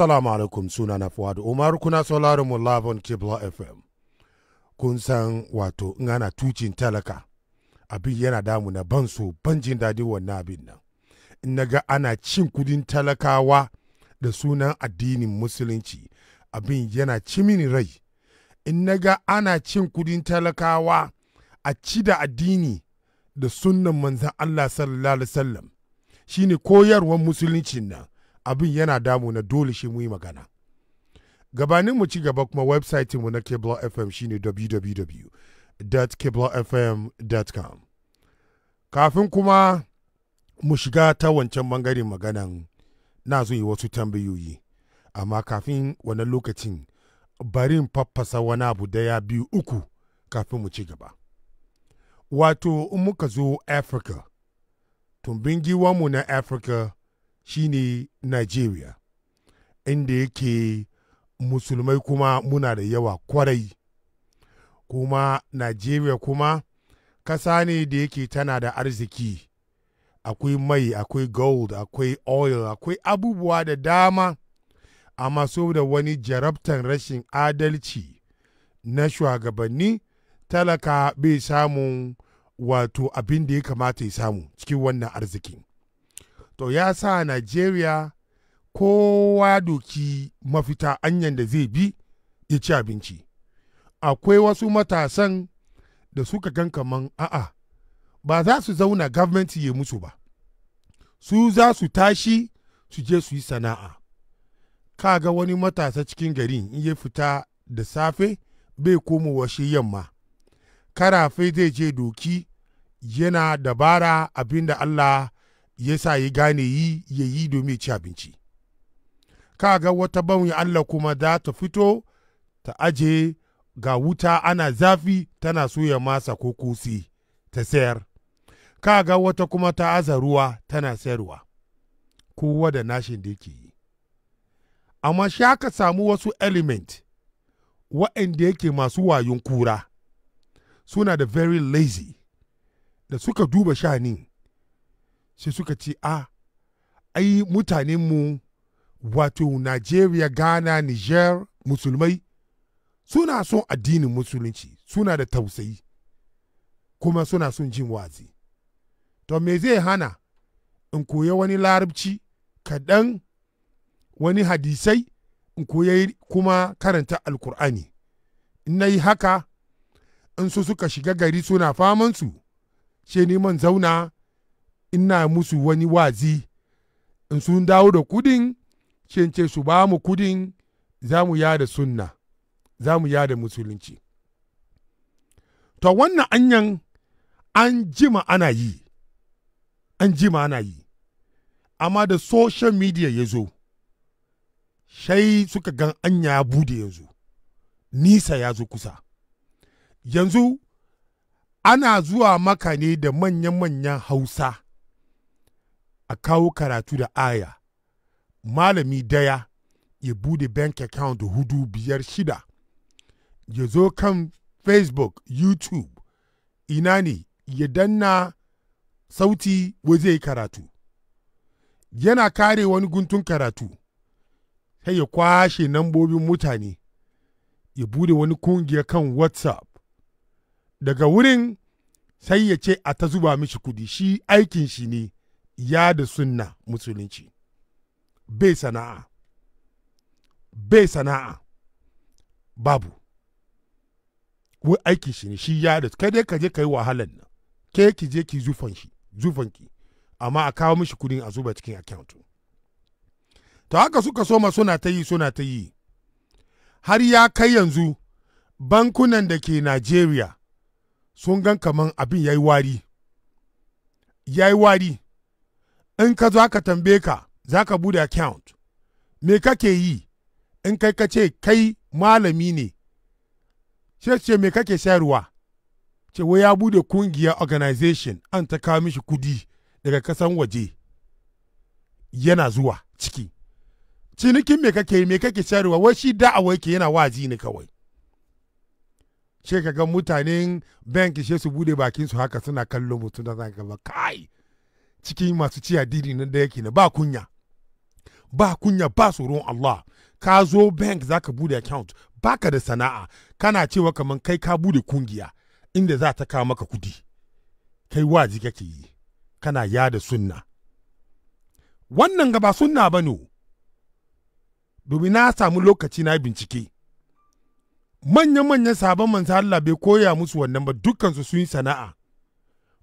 Assalamu alaikum suna na Fuad Umar kuna sauraron mu Lavon Kibla FM. Kun san wato in ana tucin talaka abin yana damu na ban so ban jin daɗi wannan abin nan. In naga ana cin kudin talakawa da sunan addinin musulunci abin yana ci mini rai. In naga ana cin kudin talakawa a ci da addini da sunan manzan Allah sallallahu alaihi wasallam shine koyarwar musuluncin nan abin yana damu na dole shi mu yi magana gabanin mu ci gaba kuma website mu na cable fm shine www.cablefm.com kafin kuma mu shiga ta wancan bangaren maganan na zo yi wasu tambayoyi amma kafin wannan lokacin bari in faffasa wani abu daya biyu uku kafin mu ci gaba wato in muka zo africa tumbin giwanmu na africa shine Nigeria, inda yake musulmai kuma muna da yawa kwarai. Kuma Nigeria kuma ƙasa ne da yake tana da arziki, akwai mai, akwai gold, akwai oil, akwai abubuwa da dama, amma saboda wani jarabtan rashin adalci na shugabanni talaka bai samun wato abin da ya kamata ya samu cikin wannan arzikin. to ya sa Najeriya kowa doki mafita anyan da zai bi ya ci abinci. Akwai wasu matasan da suka gan kaman a'a ba za su zauna gwamnati ya musu ba, su za su tashi su je su yi sana'a. Kaga wani matasa cikin gari in ya fita da safe bai komo washe yamma, karafe zai je doki yana dabara abinda Allah ya sa ya gane yi ya yi domin ci abinci kaga wata bawun Allah kuma za ta fito ta aje ga wuta ana zafi tana soya masa ko kusi ta sayar kaga wata kuma ta aza ruwa tana sayarwa kowa da nashin da yake yi amma shi aka samu wasu element waɗanda yake masu wayon kura suna da very lazy da suka duba shanin sai suka ce a ai mutanenmu wato Najeriya, Ghana, Niger, musulmai suna son addinin musulunci suna da tausayi kuma suna son jin wazi. To me zai hana in koya wani larabci kaɗan wani hadisai in koya kuma karanta alkur'ani. In na yi haka in su suka shiga gari suna famansu, ce neman zauna ina musu wani wazi in sun dawo da kudin cince su ba mu kudin za mu yada sunna za mu yada musulunci to wannan anyan an jima ana yi an jima ana yi amma da social media ya zo shai suka gan anya ya bude yanzu nisa ya zo kusa yanzu ana zuwa maka ne da manyan-manyan hausa a kawo karatu da aya malami daya ya bude bank account hudu biyar shida ya zo kan facebook youtube ina ne ya danna sauti waje karatu yana kare wani guntun karatu sai ya kwashe nambobin mutane ya bude wani kungiya kan whatsapp daga wurin sai ya ce a ta zuba mishi kudi shi aikin shi ne ya da sunna musulunci bai sana'a bai sana'a babu wai aiki shi ne shi ya da kai dai ka je ka yi wahalan nan ke ki je ki zufan shi zufan ki amma a kawo mishi kudin a zuba cikin account to haka suka soma suna ta yi suna ta yi har ya kai yanzu bankunan da ke Najeriya sun gan kaman abin yayi wari ya wari in ka zo aka tambaye ka za ka bude account me kake yi in kai ka ce kai malami ne ce ce me kake sayarwa ce wai ya bude kungiyar organization an ta kawo mishi kudi daga kasan waje yana zuwa ciki cinikin me kake yi me kake sayarwa wai shi da'awa yake yana wazi ne kawai ce ka ga mutanen bank she su bude bakin su haka suna kallon mutum da zaka ba kai cikin masu ci addini na da yake na ba kunya ba kunya ba tsoron Allah ka zo bank za ka bude account ba ka da sana'a kana cewa kamar kai ka bude kungiya inda za ta kawo maka kudi kai waji kake yi kana yada sunna wannan gaba ba sunna ba ne domin na samu lokaci na bincike manya-manyan sabon manzo Allah bai koya musu wannan ba dukkansu sun yi sana'a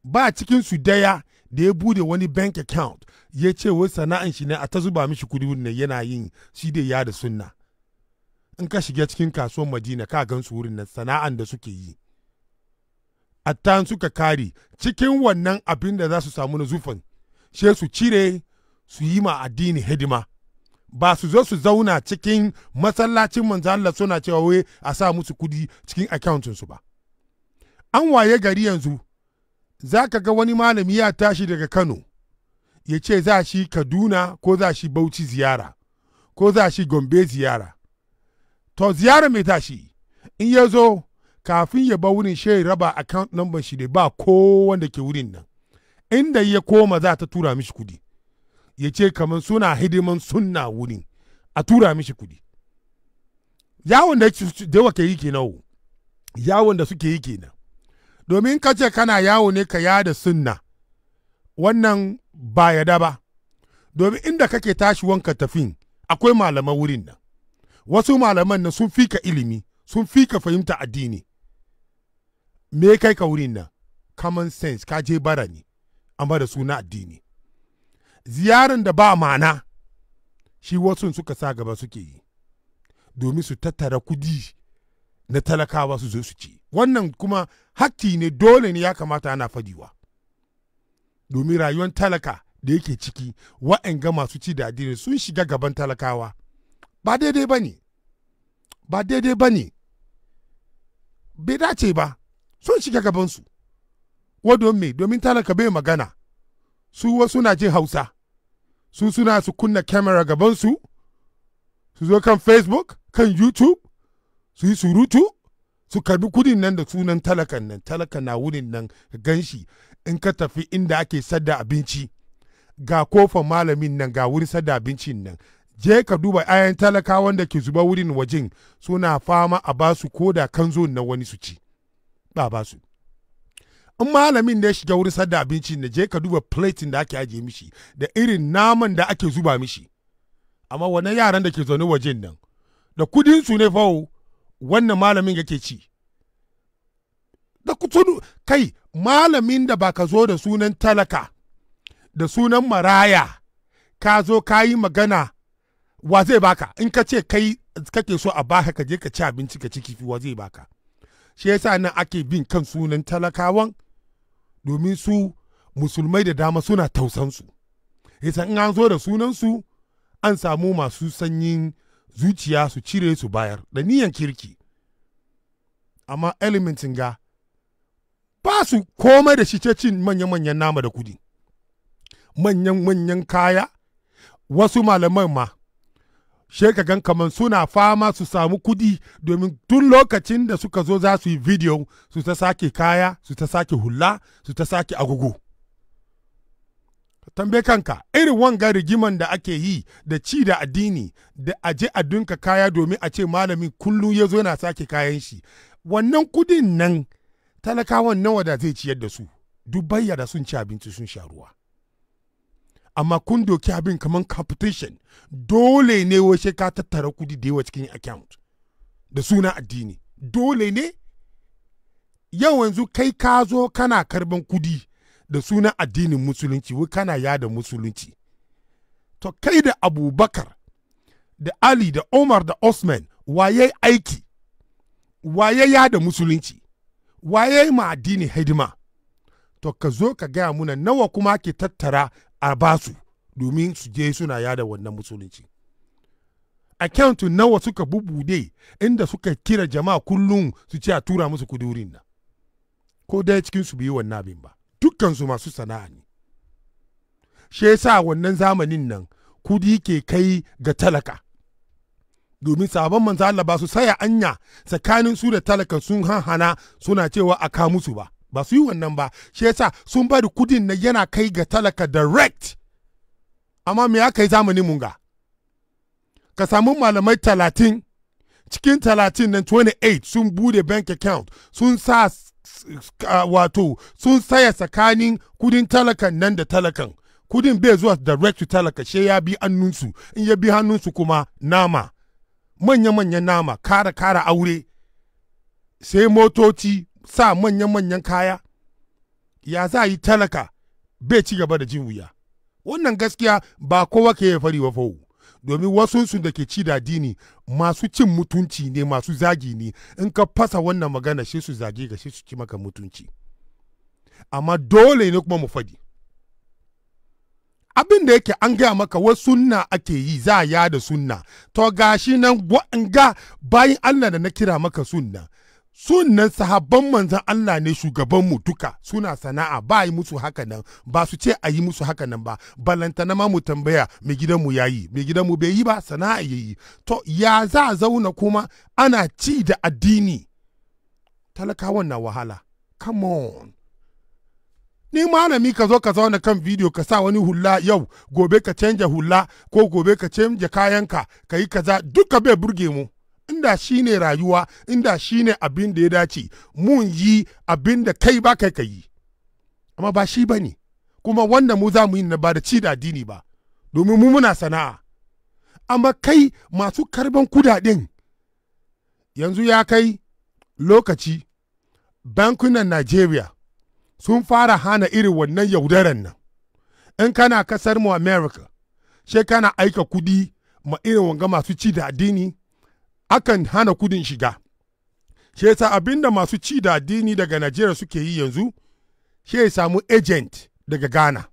ba cikinsu daya da ya bude wani bank account ya ce wai sana'an shi ne a ta zuba mishi kudi ne yana yin shi da ya da sunna in ka shiga cikin kasuwar madina ka gan su wurin nan sana'an da suke yi attan suka kare cikin wannan abin da za su samu na zufan su cire su yi ma addini hidima ba su zo su zauna cikin masallacin manzo Allah suna cewa wai a sa musu kudi cikin accountin su ba an waye gari yanzu za ka ga wani malami ya tashi daga Kano ya ce za shi Kaduna ko za shi Bauchi ziyara ko za shi Gombe ziyara. To ziyara mai tashi in ya zo kafin ya ba wurin shi raba account number shi ne ba ko wanda ke wurin nan. Inda ya koma za ta tura mishi kudi. Ya ce kamar suna hidiman sunna wurin a tura mishi kudi. Yawon da yawa ke yi kenan yawon da suke yi kenan. domin ka ce kana yawo ne ka yada sunna wannan ba yada ba domin inda kake tashi wanka tafin akwai malaman wurin nan wasu malaman na sun fika ilimi sun fika fahimta addini me kai ka wurin nan common sense ka je bara ne amma da suna addini ziyarar da ba mana shi wasu suka sa gaba suke yi domin su tattara kudi na talakawa su zo su ci wannan kuma hakki ne dole ne ya kamata ana fadiwa domin rayuwar talaka da yake ciki wa'anga masu ci da adini sun shiga gaban talakawa ba daidai ba ne ba daidai ba ne bai dace ba sun shiga gabansu wadon me domin talaka bai magana su wasu na jin hausa su suna su kunna kamera gabansu su zo kan facebook kan youtube su yi surutu su karbi kudin nan da sunan talakan nan talaka na wurin nan ganshi in ka tafi inda ake sadda abinci ga kofar malamin nan ga wurin sadda abincin nan je ka duba ayan talaka wanda ke zuba wurin wajen suna fama a basu ko da kanzo na wani su ci ba su in malamin da ya shiga wurin sadda abincin na je ka duba plating da ake ajiye mishi da irin naman da ake zuba mishi amma wani yaran da ke zaune wajen nan da kudin su ne fawo wannan malamin yake ci da kutunu kai malamin da ba ka zo da sunan talaka da sunan maraya ka zo ka yi magana wa zai baka in ka ce kai kake so a baka ka je ka ci abinci ka ci kifi wa zai baka shi yasa nan ake bin kan sunan talakawan domin su musulmai da dama suna tausansu yasa in an zo da sunansu an samu masu sanyin zuciya su cire su bayar da niyan kirki amma elementin ga ba su komai da shi cin manya-manyan nama da kudi manyan-manyan kaya wasu malaman ma ka gan kamar suna fama su samu kudi domin tun lokacin da suka zo za su yi video su ta sake kaya su ta sake hula su ta sake agogo tambaye kanka irin wanga rigiman da ake yi da ci da addini da aje a dunka kaya domin a ce malami kullum ya zo yana sake kayan shi wannan kudin nan talakawan nawa da zai ciyar da su dubayya da sun ci abinci sun sha ruwa amma kun doki abin kamar competition dole ne wace ka tattara kudi da yawa cikin account da suna addini dole ne yau yanzu kai ka zo kana karban kudi da sunan addinin musulunci wai kana yada musulunci to kai da abubakar da ali da omar da osman waye aiki waye yada musulunci waye ma addini hidima to ka zo ka gaya muna nawa kuma ke tattara a basu domin su je suna yada wannan musulunci account nawa suka bubude inda suka kira jama'a kullum su ce a tura musu kudurin nan ko dai cikin su biyu wannan abin ba dukkansu masu sana'a ne shi yasa wannan zamanin nan kudi ke kai ga talaka domin sabon manzo Allah ba su saya anya tsakanin su da talaka sun hanhana suna cewa a ka musu ba ba su yi wannan ba shi yasa sun bari kudin na yana kai ga talaka direct amma me aka yi zamanin mun ga ka samu malamai talatin cikin talatin nan 28 sun bude bank account sun sa wato sun saya tsakanin kudin talakan nan da talakan kudin bai zuwa direct talaka she ya bi hannunsu in ya bi hannunsu kuma nama manya-manyan nama kara kara aure sai motoci sa manya-manyan kaya ya za yi talaka bai ci gaba da jin wuya wannan gaskiya ba kowa ke fari wa fau domin wasunsu da ke ci da dini masu cin mutunci ne masu zagi ne in ka fasa wannan magana shi su zage ga shi su ci maka mutunci amma dole ne kuma mu faɗi abin da yake an gaya maka wasu sunna ake yi za ya da sunna to gashi nan ga bayan allah da na kira maka sunna sunan sahabban manzan Allah ne shugaban mu duka suna sana'a ba yi musu haka nan ba su ce a yi musu haka nan ba balanta na ma mu tambaya mai gidanmu ya yi mai gidanmu bai yi ba sana'a ya yi to ya za a zauna kuma ana ci da addini talakawan na wahala come on ni malami ka zo ka zauna kan bidiyo ka sa wani hula yau gobe ka canja hula ko gobe ka canja kayanka ka yi kaza duka bai burge mu inda shi ne rayuwa inda shi ne abin da ya dace mun yi abin da kai ba kai ka yi amma ba shi ba ne kuma wanda mu za mu yi na ba da ci da addini ba domin mu muna sana'a amma kai masu karban kudaden yanzu ya kai lokaci bankunan nigeria sun fara hana irin wannan yaudarar nan in kana kasar mu America sai kana aika kudi ma irin wanga masu ci da addini akan hana kudin shiga shi yasa abin da masu ci da addini daga najeriya suke yi yanzu shi ya samu agent daga ghana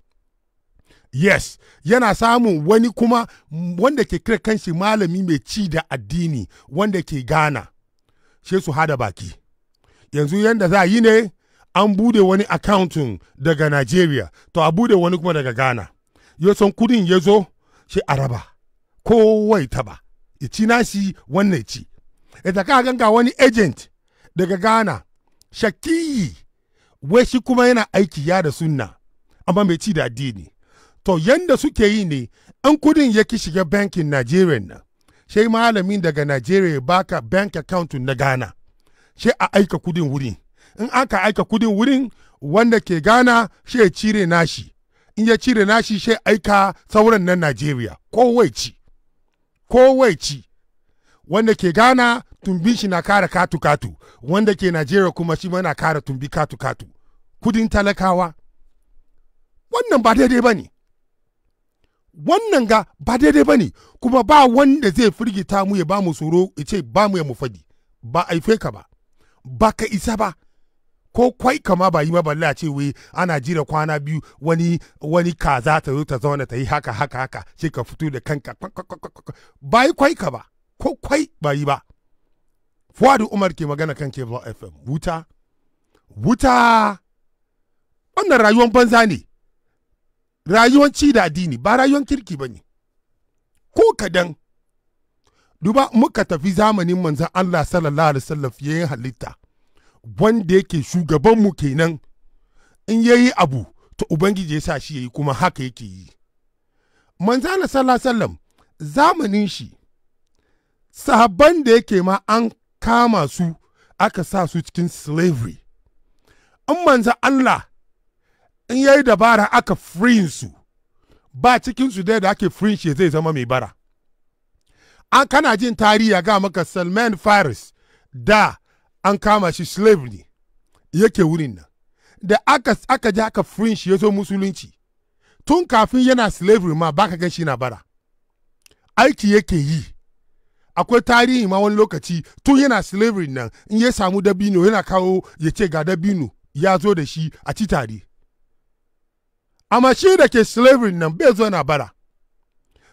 yes yana samun wani kuma wanda ke kira kanshi malami mai ci da addini wanda ke ghana shi su hada baki yanzu yanda za yi ne an bude wani akauntin daga Najeriya, to a bude wani kuma daga Ghana. Ya kudin ya zo, shi araba raba, kowai taba. ya ci nashi wannan ci ita ka ganga wani agent daga ghana shakiyi wai shi kuma yana aiki ya da sunna amma mai ci da addini to yanda suke yi ne an kudin ya ki shiga bankin nigeria nan sai malamin daga nigeria baka bank account na ghana sai a aika kudin wurin in aka aika kudin wurin wanda ke ghana sai ya cire nashi in ya cire nashi sai aika sauran nan nigeria kowai ci kowai ci wanda ke gana tumbi shi na kara katu-katu wanda ke Najeriya kuma shi mana kara tumbi katu-katu kudin talakawa wannan ba daidai ba ne wannan ga ba daidai ba ne kuma ba wanda zai firgita mu ya ba mu tsoro ya ce ba mu ya mu fadi ba aife ka ba ba ka isa ba ko kwai kama ba yi ma balle a ce wai ana jira kwana biyu wani wani kaza ta zo ta zauna ta yi haka haka haka sai ka fito da kanka ba yi kwai ka ba ko kwai ba yi ba fuadu umar ke magana kan ba fm wuta wuta wannan rayuwar banza ne rayuwar ci da addini ba rayuwar kirki ba ne ko kadan duba muka tafi zamanin manzan allah sallallahu alaihi wasallam fiye halitta wanda yake shugabanmu kenan in ya yi abu ta ubangiji yasa shi ya yi kuma haka yake yi manzana sallallahu zamanin shi sahabban da yake ma an kama su aka sa su cikin slavery in manza Allah in yayi dabara aka freeing su ba cikin su da ake freeing shi zai zama mai bara an kana jin tarihi ga maka Salman Faris da an kama shi slavery yake wurin nan da aka aka ji aka firin shi ya zo musulunci tun kafin yana slavery ma baka gan shi na bara aiki yake yi akwai tarihi ma wani lokaci tun yana slavery nan in ya samu dabino yana kawo ya ce ga dabino ya zo da shi a ci tare amma shi da ke slavery nan bai zo na bara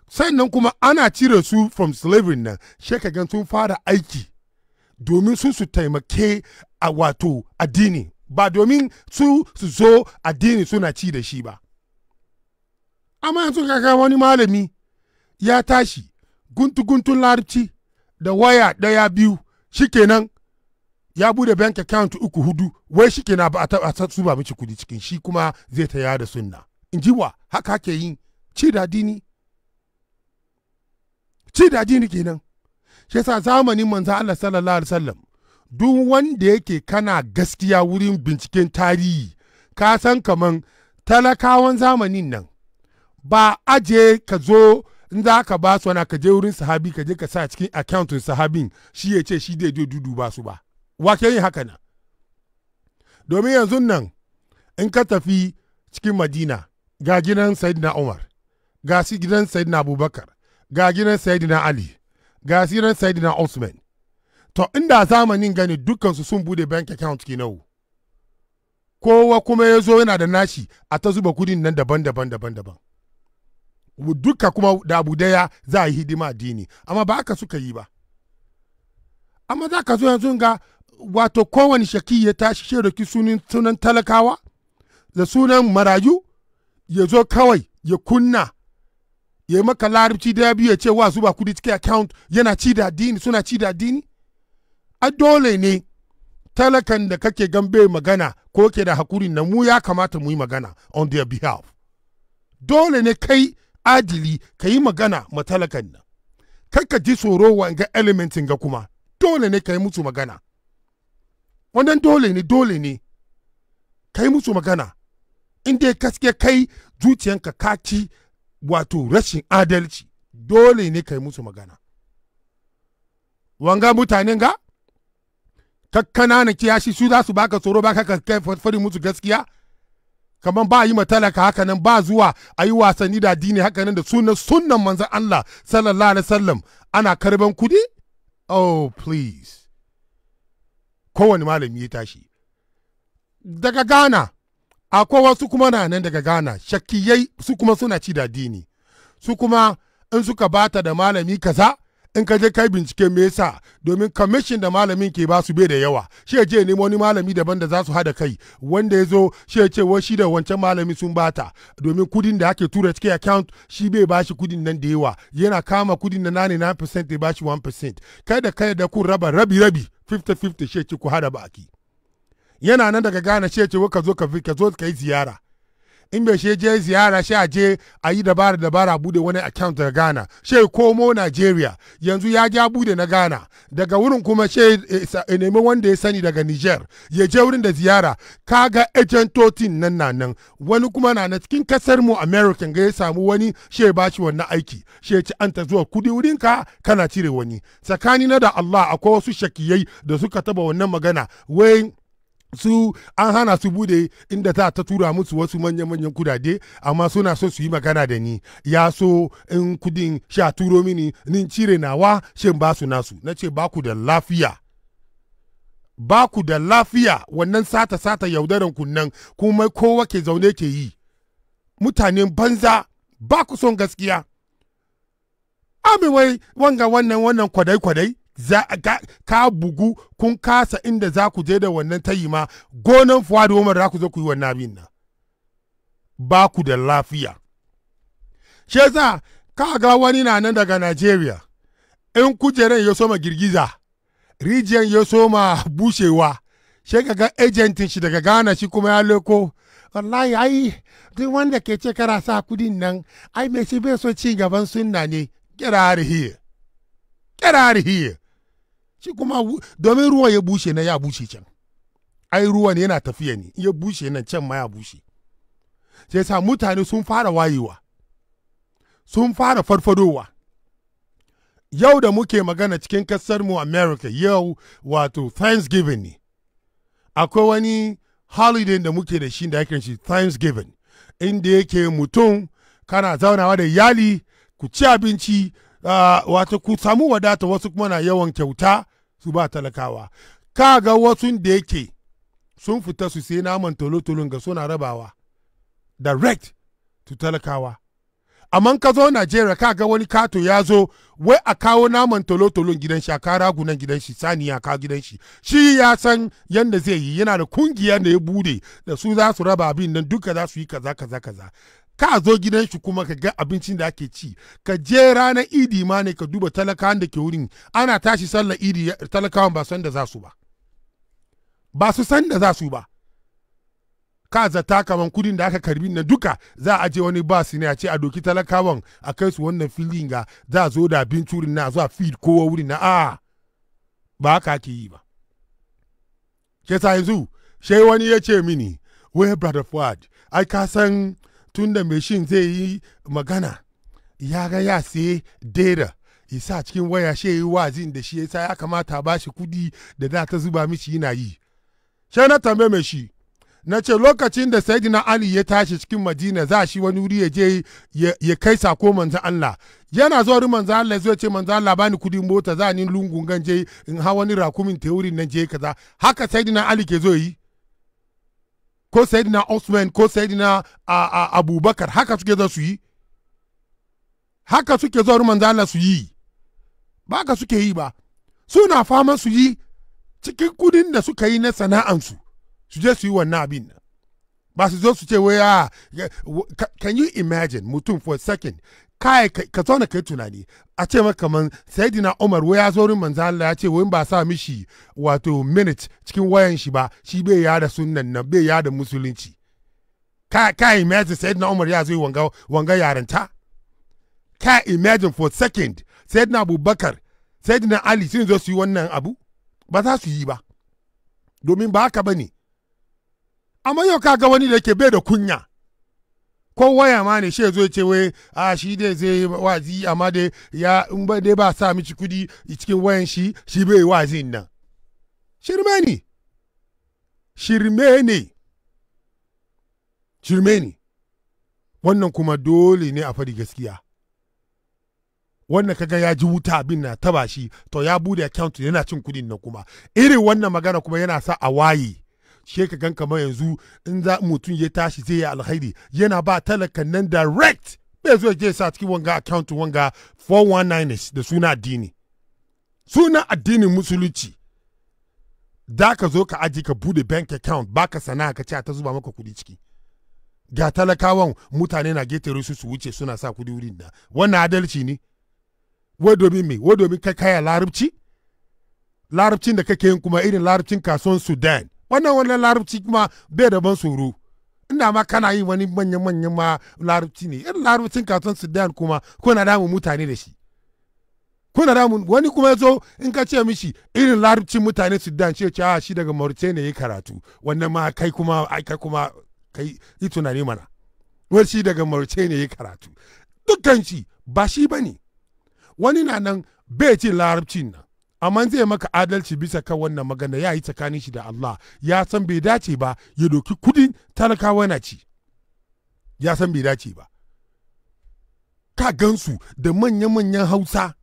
sannan kuma ana cire su from slavery nan shekagan sun fara aiki domin sun su taimake a wato addini ba domin su su zo addini suna ci da shi ba amma yanzu kaga wani malami ya tashi guntu-guntun larabci da waya ɗaya biyu shikenan ya bude bank account uku hudu wai shikenan ba a taɓa su ba mici kudi cikin shi kuma zai ta yada sunna in ji wa haka ke yin ci da addini ci da addini kenan shi yasa zamanin manzo Allah sallallahu alaihi wasallam duk wanda yake kana gaskiya wurin binciken tarihi ka san kaman talakawan zamanin nan ba aje ka zo in za ka ba su wani ka je wurin sahabi ka je ka sa cikin akyantin sahabin shi ya ce shi dai dudu ba su ba wake yin haka na domin yanzu nan in ka tafi cikin madina ga gidan sayidina umar ga gidan sayidina abubakar ga gidan sayidina ali ga siran Saidina Osman. To inda zamanin gani dukansu sun bude bank account kinau. Kowa kuma ya zo yana da nashi a ta zuba kudin nan daban-daban daban-daban. Duka kuma da abu daya za a yi hidima addini, amma ba haka suka yi ba. Amma za ka zo yanzu ga wato kowane shaki ya tashi sunan sunan talakawa da sunan marayu ya zo kawai ya kunna ya yi maka larabci da biyu ya ce wa zuba kudi cikin account yana ci da addini suna ci da addini a dole ne talakan da kake gambe magana ko ke da hakuri na mu ya kamata mu yi magana on their behalf dole ne kai adili ka yi magana ma talakan nan ka ji tsoro wa ga elementin ga kuma dole ne ka yi musu magana wannan dole ne dole ne ka yi musu magana inda dai kaske kai zuciyanka ka ci wato rashin adalci dole ne kai musu magana wanga mutanen ga kakkananan kiyashi su za su baka tsoro baka ka fari musu gaskiya kamar ba yi matalaka haka nan ba zuwa a yi wasanni da addini haka nan da sunan sunan manzan Allah sallallahu alaihi wasallam ana karban kudi oh please kowane malami ya tashi daga Ghana akwai wasu kuma na nan daga ghana shakkiyai su kuma suna ci da addini su kuma in suka bata da malami kaza in ka je kai bincike me yasa domin kamishin da malamin ke ba su bai da yawa shi ya je nemo wani malami daban da za su hada kai wanda ya zo shi ya ce shi da wancan malami sun bata domin kudin da ake tura cikin account shi bai ba shi kudin nan da yawa yana kama kudin na 99% ya ba shi 1% kai da kai da kun raba rabi rabi 50-50 shi ya ce ku hada baki yana nan daga Ghana shi ce ka zo ka zo ka yi ziyara in bai shi je ziyara shi a je a yi dabara dabara bude wani account daga Ghana shi komo Nigeria yanzu ya ja bude na Ghana daga wurin kuma shi nemi wanda ya sani daga Niger ya je wurin da ziyara kaga agentotin nan na nan wani kuma na na cikin kasar mu American ga ya samu wani shi ba shi wannan aiki shi ci an ta zuwa kudi wurin ka kana cire wani tsakani na da Allah akwai wasu shakiyai da suka taba wannan magana wai su an hana su bude inda za ta tura musu wasu manyan manyan kudade amma suna so su yi magana da ni ya so in kudin sha turo mini nin cire nawa shin ba su nasu na ce ba ku da lafiya ba ku da lafiya wannan sata-sata yaudaran kunnan kuma kowa ke zaune ke yi mutanen banza ba ku son gaskiya amewai wanga wannan wannan kwadai-kwadai ka bugu kun kasa inda za ku je da wannan tayi ma gonan fuwadu da za ku zo ku yi wannan abin nan ba ku da lafiya shi za ka ga wani na nan daga Najeriya in kujeran ya soma girgiza rijiyar ya soma bushewa she ka ga ejentin shi daga Ghana shi kuma ya leko wallahi ai duk wanda ke ce kara sa kudin nan ai mai shi bai so ci gaban sunna ne get out shi kuma domin ruwan ya bushe na ya bushe can ai ruwan yana tafiya ne ya bushe nan can ma ya bushe sai sa mutane sun fara wayewa sun fara farfadowa yau da muke magana cikin kasar mu america yau wato thanksgiving ne akwai wani holiday da muke da shi da ya shi thanksgiving inda yake mutum kana zaunawa da iyali ku ci abinci ah, wato ku samu wadata wasu kuma na yawan kyauta su ba talakawa ka ga wasu da yake sun fita su sai naman tolotolon ga suna rabawa direct to talakawa amma ka zo najeriya ka ga wani kato ya zo wai a kawo naman tolotolon gidan shi a kara gunan gidan shi saniya ka gidan shi shi ya san yadda zai yi yana da kungiya da ya bude da su za su raba abin nan duka za su yi kaza kaza kaza ka zo gidan shi kuma ka ga abincin da ake ci ka je ranar idi ma ne ka duba talakawan da ke wurin ana tashi sallar idi talakawan ba san da za su ba ba su san da za su ba ka zata kaman kudin da aka karbi na duka za a je wani basi ne a ce a doki talakawan a kai su wannan filin ga za a zo da abinci wurin na zuwa feed kowa wurin na a ba haka ake yi ba ke sa yanzu sai wani ya ce mini where brother fuad ai ka san tun da mashin zai yi magana ya ga ya saye dera isa cikin waya shi yi wazin da shi yasa ya kamata ba shi kudi da za ta zuba mishi yana yi sai na tambaye mai shi na ce lokacin da saidina ali ya tashi cikin madina za shi wani wuri ya je ya kai sako manzan allah yana zuwa wuri manzan allah zai ce manzan allah bani kudi mota za ni lungun ganje in ha wani rakumin teorin nan je kaza haka saidina ali ke zo yi ko sayidina Osman ko sayidina Abubakar haka suke za su yi haka suke zuwa manzo Allah su yi ba ka suke yi ba suna fama su yi cikin kudin da suka yi na sana'ansu su je su yi wannan abin ba su zo su ce wai ah, can you imagine mutum for a second kai ka zauna kai tunani a ce maka man sayidina umar wai ya zo rin manzo Allah ya ce wai ba sa mishi wato minute cikin wayan shi ba shi bai ya da sunnan nan bai ya da musulunci ka ka imagine sayidina umar ya zo wanga wanga yaranta ka imagine for second sayidina abubakar sayidina ali sun zo su yi wannan abu ba za su yi ba domin ba haka bane amma yau ka ga wani da yake bai da kunya ko waya ma ne shi ya zo ce wai a ah, shi dai zai yi wazi amma dai ya in ba dai ba sa miki kudi cikin wayan shi shi bai wazi nan shirme ne shirme ne shirme ne wannan kuma dole ne a fari gaskiya wannan kaga ya ji wuta abin na taba shi to ya bude account yana cin kudin nan kuma irin wannan magana kuma yana sa a waye she ka gan kamar yanzu in za mutum ya tashi zai yi alkhairi yana ba talakan nan direct bai zo je sa cikin wanga account wanga 419 da suna addini suna addinin musulunci da ka zo ka aji ka bude bank account baka sana'a ka ce ta zuba maka kudi ciki ga talakawan mutane na getare su su wuce suna sa kudi wurin da wannan adalci ne wai domin me wai domin kai kaya larabci larabcin da kake yin kuma irin larabcin kasuwan sudan wannan wannan larabci kuma bai da ban tsoro ina ma kana yi wani manya manyan ma larabci ne irin larabcin kasuwan sudan kuma kuna damun mutane da shi kuna damun wani kuma ya zo in ka ce mishi irin larabcin mutane sudan ce ce ah, shi daga ne ya karatu wannan ma kai kuma kai kuma kai yi tunani mana wani shi daga ne ya karatu dukkan shi ba shi ba ne wani na nan bai ce larabcin nan amma zai maka adalci bisa kan wannan magana ya yi tsakanin shi da Allah ya san bai dace ba ya doki kudin talakawa na ci ya san bai dace ba ka gansu da manya-manyan hausa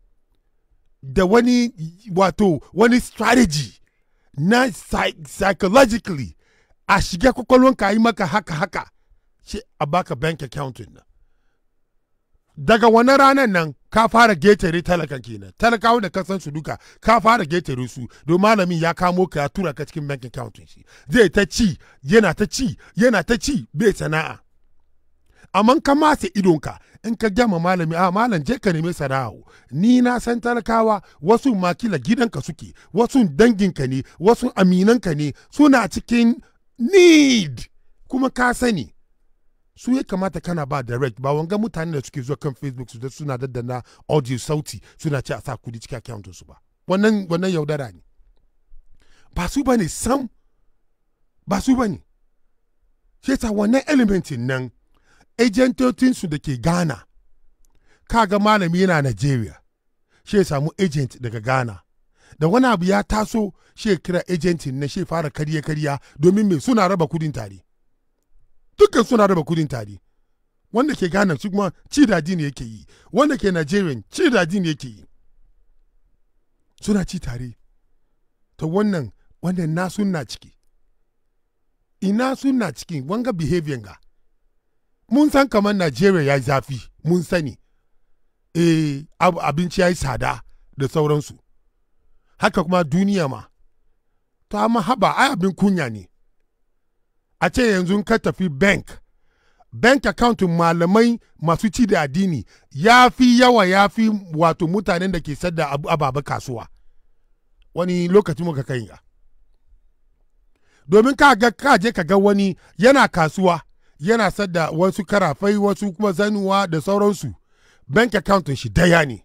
da wani wato wani strategy na psychologically a shiga kwakwalwanka yi maka haka haka shi a baka bank accounting na daga wani ranar nan ka fara getare talakan kenan talakawa da kasan su duka ka fara getare su don malamin ya kamo ka ya tura ka cikin bank account shi zai ta ci yana ta ci yana ta ci bai sana'a amma ka masa idonka in ka gama malami a ah, malam je ka nemi sana'a ni na san talakawa wasu makila gidanka suke wasu dangin ka ne wasu aminanka ne suna cikin need kuma ka sani su ya kamata kana ba direct ba wanga mutane da suke zuwa kan facebook su suna daddana audio sauti suna ce a sa kudi cikin account su ba wannan wannan yaudara ne ba su bane sam ba su bane shi yasa wannan elementin nan agentotin su da ke Ghana kaga malami yana Nigeria shi ya samu agent daga Ghana da wani abu ya taso shi kira agentin na shi fara karya karya domin me suna raba kudin tare dukkan suna raba kudin tare wanda ke Ghana shi kuma ci da ne yake yi wanda ke Nigerian ci da ne yake yi suna ci tare ta wannan wanda na suna ciki ina suna ciki wanga behavior ga mun san kamar Najeriya ya yi zafi mun sani e, abinci ya yi tsada da sauransu haka kuma duniya ma ta mahaba ai abin kunya ne a ce yanzu ka tafi bank bank account malamai masu ci da addini ya fi yawa ya fi wato mutanen da ke sadda ababa kasuwa wani lokaci muka kai ga domin ka ga ka je ka ga wani yana kasuwa yana sadda wasu karafai wasu kuma zanuwa da sauransu bank account shi daya ne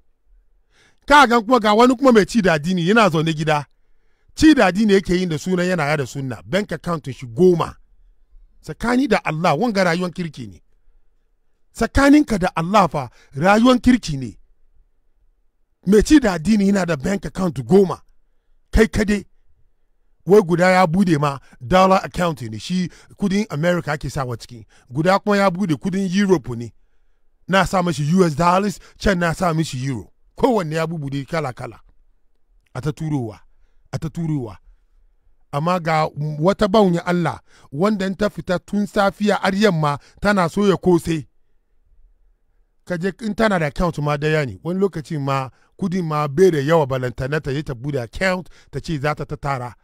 ka ga kuma ga wani kuma mai ci da addini yana zaune gida ci da addini yake yin da sunan yana da sunna bank account shi goma tsakani da Allah wanga rayuwar kirki ne tsakaninka da Allah fa rayuwar kirki ne mai ci da addini yana da bank account goma kai kade wai guda ya bude ma dollar account ne shi kudin america ake sawa ciki guda kuma ya bude kudin europe ne na sa mishi us dollars can na sa mishi euro kowanne ya bubude kala kala a ta turowa a ta turowa amma ga wata baunya Allah wanda ta fita tun safiya har yamma tana so ya kose kaje in tana da account ma daya ne wani lokaci ma kudi ma bai da yawa balanta na ta yi ta bude account ta ce za ta tara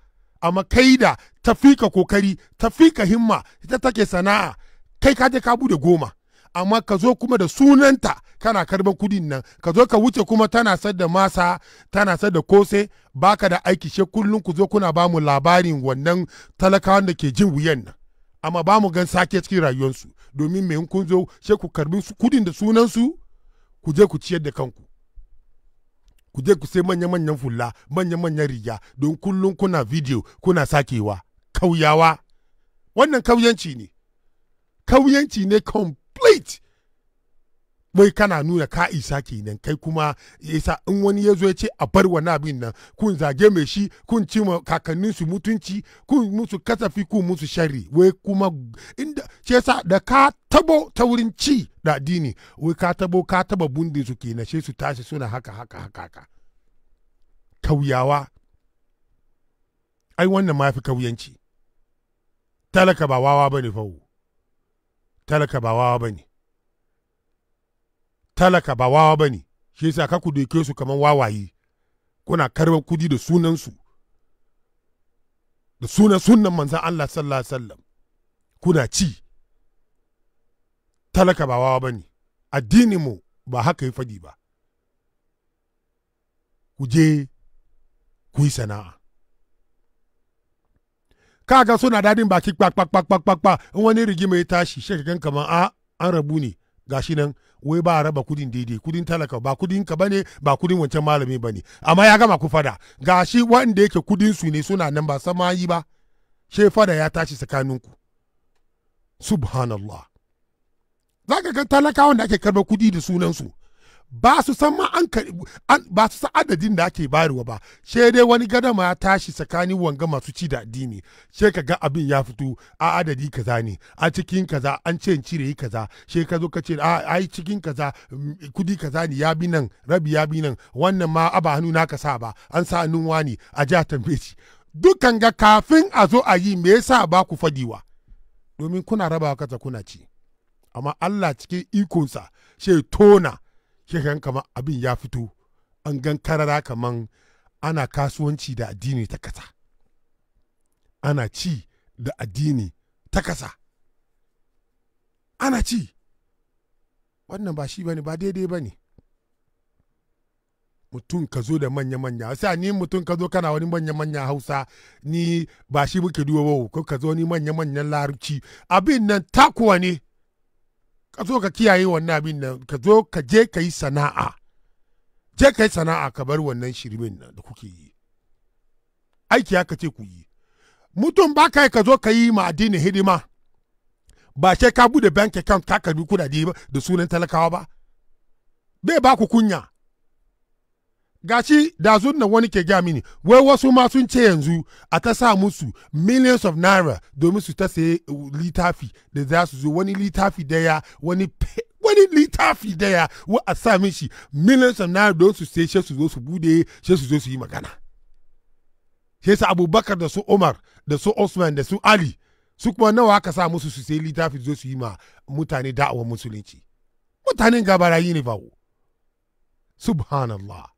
amma kai da ta fika kokari ta fika himma ita take sana'a kai ka je ka bude goma amma ka zo kuma da sunanta kana karban kudin nan ka zo ka wuce kuma tana da masa tana da kose baka da aiki she kullum ku zo kuna ba mu labarin wannan talakawan da ke jin wuyan nan amma ba mu gan sake cikin rayuwarsu domin me kun zo she ku karbi kudin da sunansu ku je ku ciyar da kanku ku je ku sai manya-manyan fulla manya-manyan riga don kullum kuna video kuna sakewa kauyawa wannan kauyanci ne kauyanci ne kom complete wai kana nuna ka isa kenan kai kuma isa in wani ya zo ya ce a bar wani abin nan kun zage mai shi kun ci kakannin su mutunci kun musu kasafi kun musu shari wai kuma inda ce sa da ka tabo ta wurin ci da addini wai ka tabo ka taba bundin su kenan sai su tashi suna haka haka haka haka kauyawa ai wannan ma fi kauyanci talaka ba wawa bane fawo talaka ba wawa ba ne talaka ba wawa ba ne shi yasa ka ku doke su kamar wawaye kuna karbar kudi da sunansu da sunan sunan manzan Allah sallallahu alaihi wasallam kuna ci talaka ba wawa ba addinin mu ba haka yi fadi ba ku je ku yi sana'a kaga suna dadin baki kpak kpak kpak in wani rigima ya tashi shi kagan a ah, an rabu ne gashi nan wai ba a raba kudin daidai kudin talaka ba kudin ka bane ba kudin wancan malami bane amma ya gama ku fada gashi wanda yake kudin su ne suna nan ba sama yi ba she fada ya tashi tsakaninku subhanallah zaka ga talakawan da ake karba kudi da sunan su ba su san ma an ba su san adadin da ake bayarwa ba sai dai wani gadama ya tashi tsakanin wanga masu ci da addini sai ka ga abin ya fito a adadi kaza ne a cikin kaza an ce in cire kaza sai ka zo ka ce a cikin kaza mm, kudi kaza ne ya bi nan rabi ya bi nan wannan ma aba hannu naka sa ba an sa hannun wani a ja tambaye shi ga kafin a zo a yi me yasa ba ku fadiwa domin kuna rabawa kaza kuna ci amma Allah cikin ikonsa sai tona shekaran kamar abin ya fito an gan karara kamar ana kasuwanci da addini ta kasa ana ci da addini ta kasa ana ci wannan ba shi bane ba daidai bane mutum ka zo da manya-manya sai ni mutum ka zo kana wani manya-manya hausa ni ba shi muke duwa ko ka zo ni manya-manyan larabci abin nan takuwa ne ka zo ka kiyaye wannan abin nan ka zo ka je ka yi sana'a je ka yi sana'a ka bar wannan shirmen nan da kuke yi aiki ya ce ku yi mutum ba ka yi ka zo ka yi ma addinin hidima ba sai ka bude bank account ka karbi kudade da sunan talakawa ba bai ba ku kunya gashi da zun nan wani ke gya mini wai wasu ma sun ce yanzu a ta sa musu millions of naira domin su ta sayi uh, littafi da za su zo wani littafi daya wani wani littafi daya wa a sa min shi millions of naira don su sai she su zo su bude she su zo su yi magana she sa abubakar da su umar da su osman da su ali su kuma nawa aka sa musu su sai littafi zo su yi ma mutane da'awar musulunci mutanen gabarayi ne ba subhanallah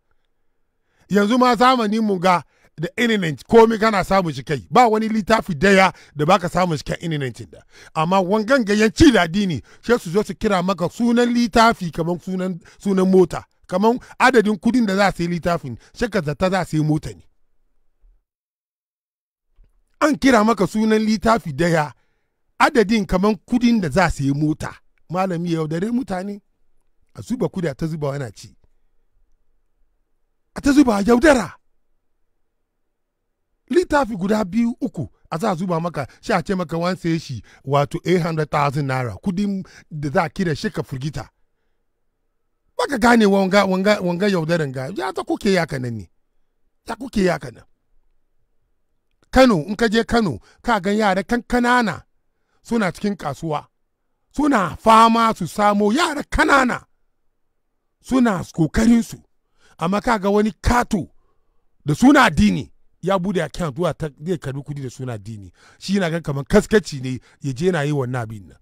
yanzu ma zamani mu ga da internet komi kana samu shi kai ba wani littafi daya da baka samu shi kan internet da amma wangan gayan ci da dini sai su zo su kira maka sunan littafi kamar sunan sunan mota kamar adadin kudin da za su yi littafin sai ka zata za su yi mota ne an kira maka sunan littafi daya adadin kamar kudin da za su yi mota malami ya yaudare mutane a zuba kuda ta zuba wani ci a ta zuba yaudara littafi guda biyu uku a za a zuba maka shi a ce maka wan sai shi wato 800,000 naira kudin da za a kira shi ka firgita baka gane wanga wanga wanga yaudaran ga ya ta kuke ya kanan ne ya kuke ya kanan Kano in ka je Kano ka gan yara kan kanana suna cikin kasuwa suna fama su samo yara kanana suna kokarin su amma kaga wani kato da suna addini ya bude account zuwa ta zai karbi kudi da suna addini shi na gan kaman kaskaci ne ya je na yi wannan abin nan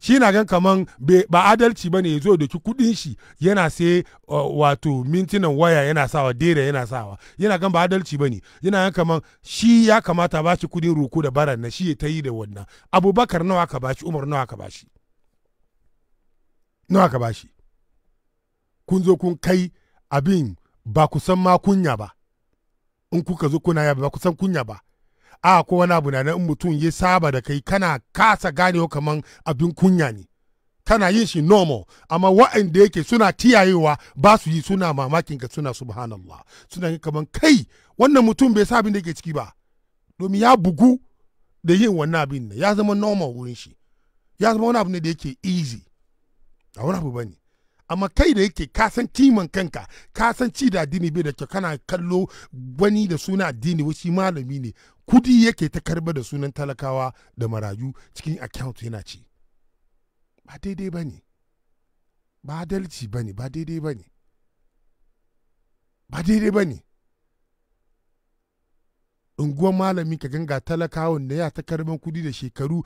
shi na gan kaman ba adalci bane ya zo da ki kudin shi yana sai uh, wato mintinan waya yana sawa dera yana sawa yana gan ba adalci bane yana gan kaman shi ya kamata ba shi kudin roko da baran na shi ya ta yi da wannan abubakar nawa ka bashi umar nawa ka bashi nawa ka bashi kun zo kun kai abin ba ku san ma kunya ba in kuka zo kuna yabe ba ku san kunya ba a ko wani abu na in mutum ya saba da kai kana kasa ganewa kaman abin kunya ne kana yin shi normal amma wa'anda yake suna tiyayewa ba su yi suna mamakin ka suna subhanallah suna yin kaman kai wannan mutum bai sa abin da yake ciki ba domin ya bugu da yin wannan abin ya zama normal wurin shi ya zama wani abu ne da yake easy a wani abu bane amma kai da yake ka san kiman kanka ka san ci da addini bai da kyau kana kallo wani da suna addini wasu malami ne kudi yake ta karba da sunan talakawa da marayu cikin account yana ci ba daidai ba ne ba adalci ba ne ba daidai ba ne ba daidai ba ne unguwar malami ka ganga talakawan da ya ta karban kudi da shekaru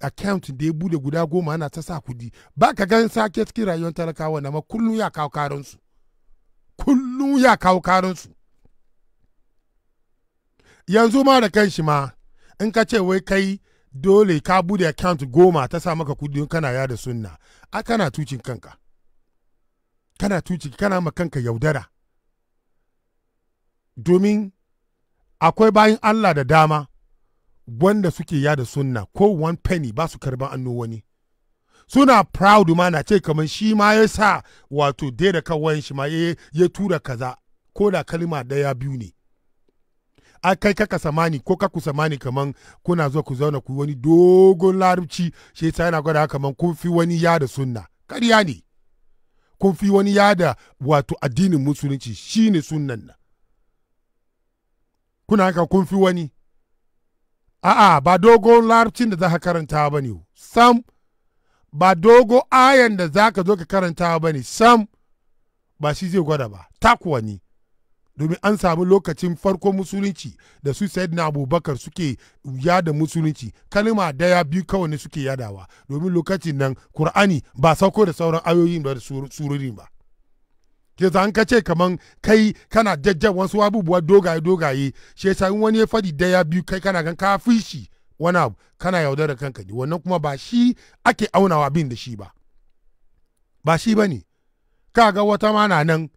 account da ya bude guda goma ana ta sa kudi ba ka gan sake cikin rayuwar talakawan amma kullum ya kawo karansu kullum ya kawo karansu yanzu ma da kanshi ma in ka ce wai kai dole ka bude account goma ta sa maka kudi kana yada sunna a kana tucin kanka kana tuci kana ma kanka yaudara domin akwai bayan Allah da dama wanda suke yada sunna ko one penny ba su karban annu wani suna proud ma na ce kamar shi ma ya sa wato dai da kawai shi ma ya tura kaza ko da kalima daya biyu ne a kai kaka samani ko kaku samani kaman kuna zo ku zauna ku wani dogon larabci shi yasa yana gwada kamar kun fi wani yada sunna karya ne kun fi wani yada wato addinin musulunci shine sunnan nan kuna haka kun fi wani a'a ba dogon larabcin da za ka karanta ba ne sam ba dogo ayan da za ka zo ka karanta ba ne sam ba shi zai gwada ba takuwa ne domin an samu lokacin farko musulunci da su said na abubakar suke yada musulunci kalima daya biyu kawai ne suke yadawa domin lokacin nan kur'ani ba sauko da sauran ayoyin da sururin ba ke an ka ce kaman kai kana jajja wasu abubuwa dogaye dogaye shi yasa wani ya fadi daya biyu kai kana gan ka fi shi wani abu kana da kanka ne wannan kuma ba shi ake aunawa bin da shi ba ba shi ba ne ka ga wata ma na nan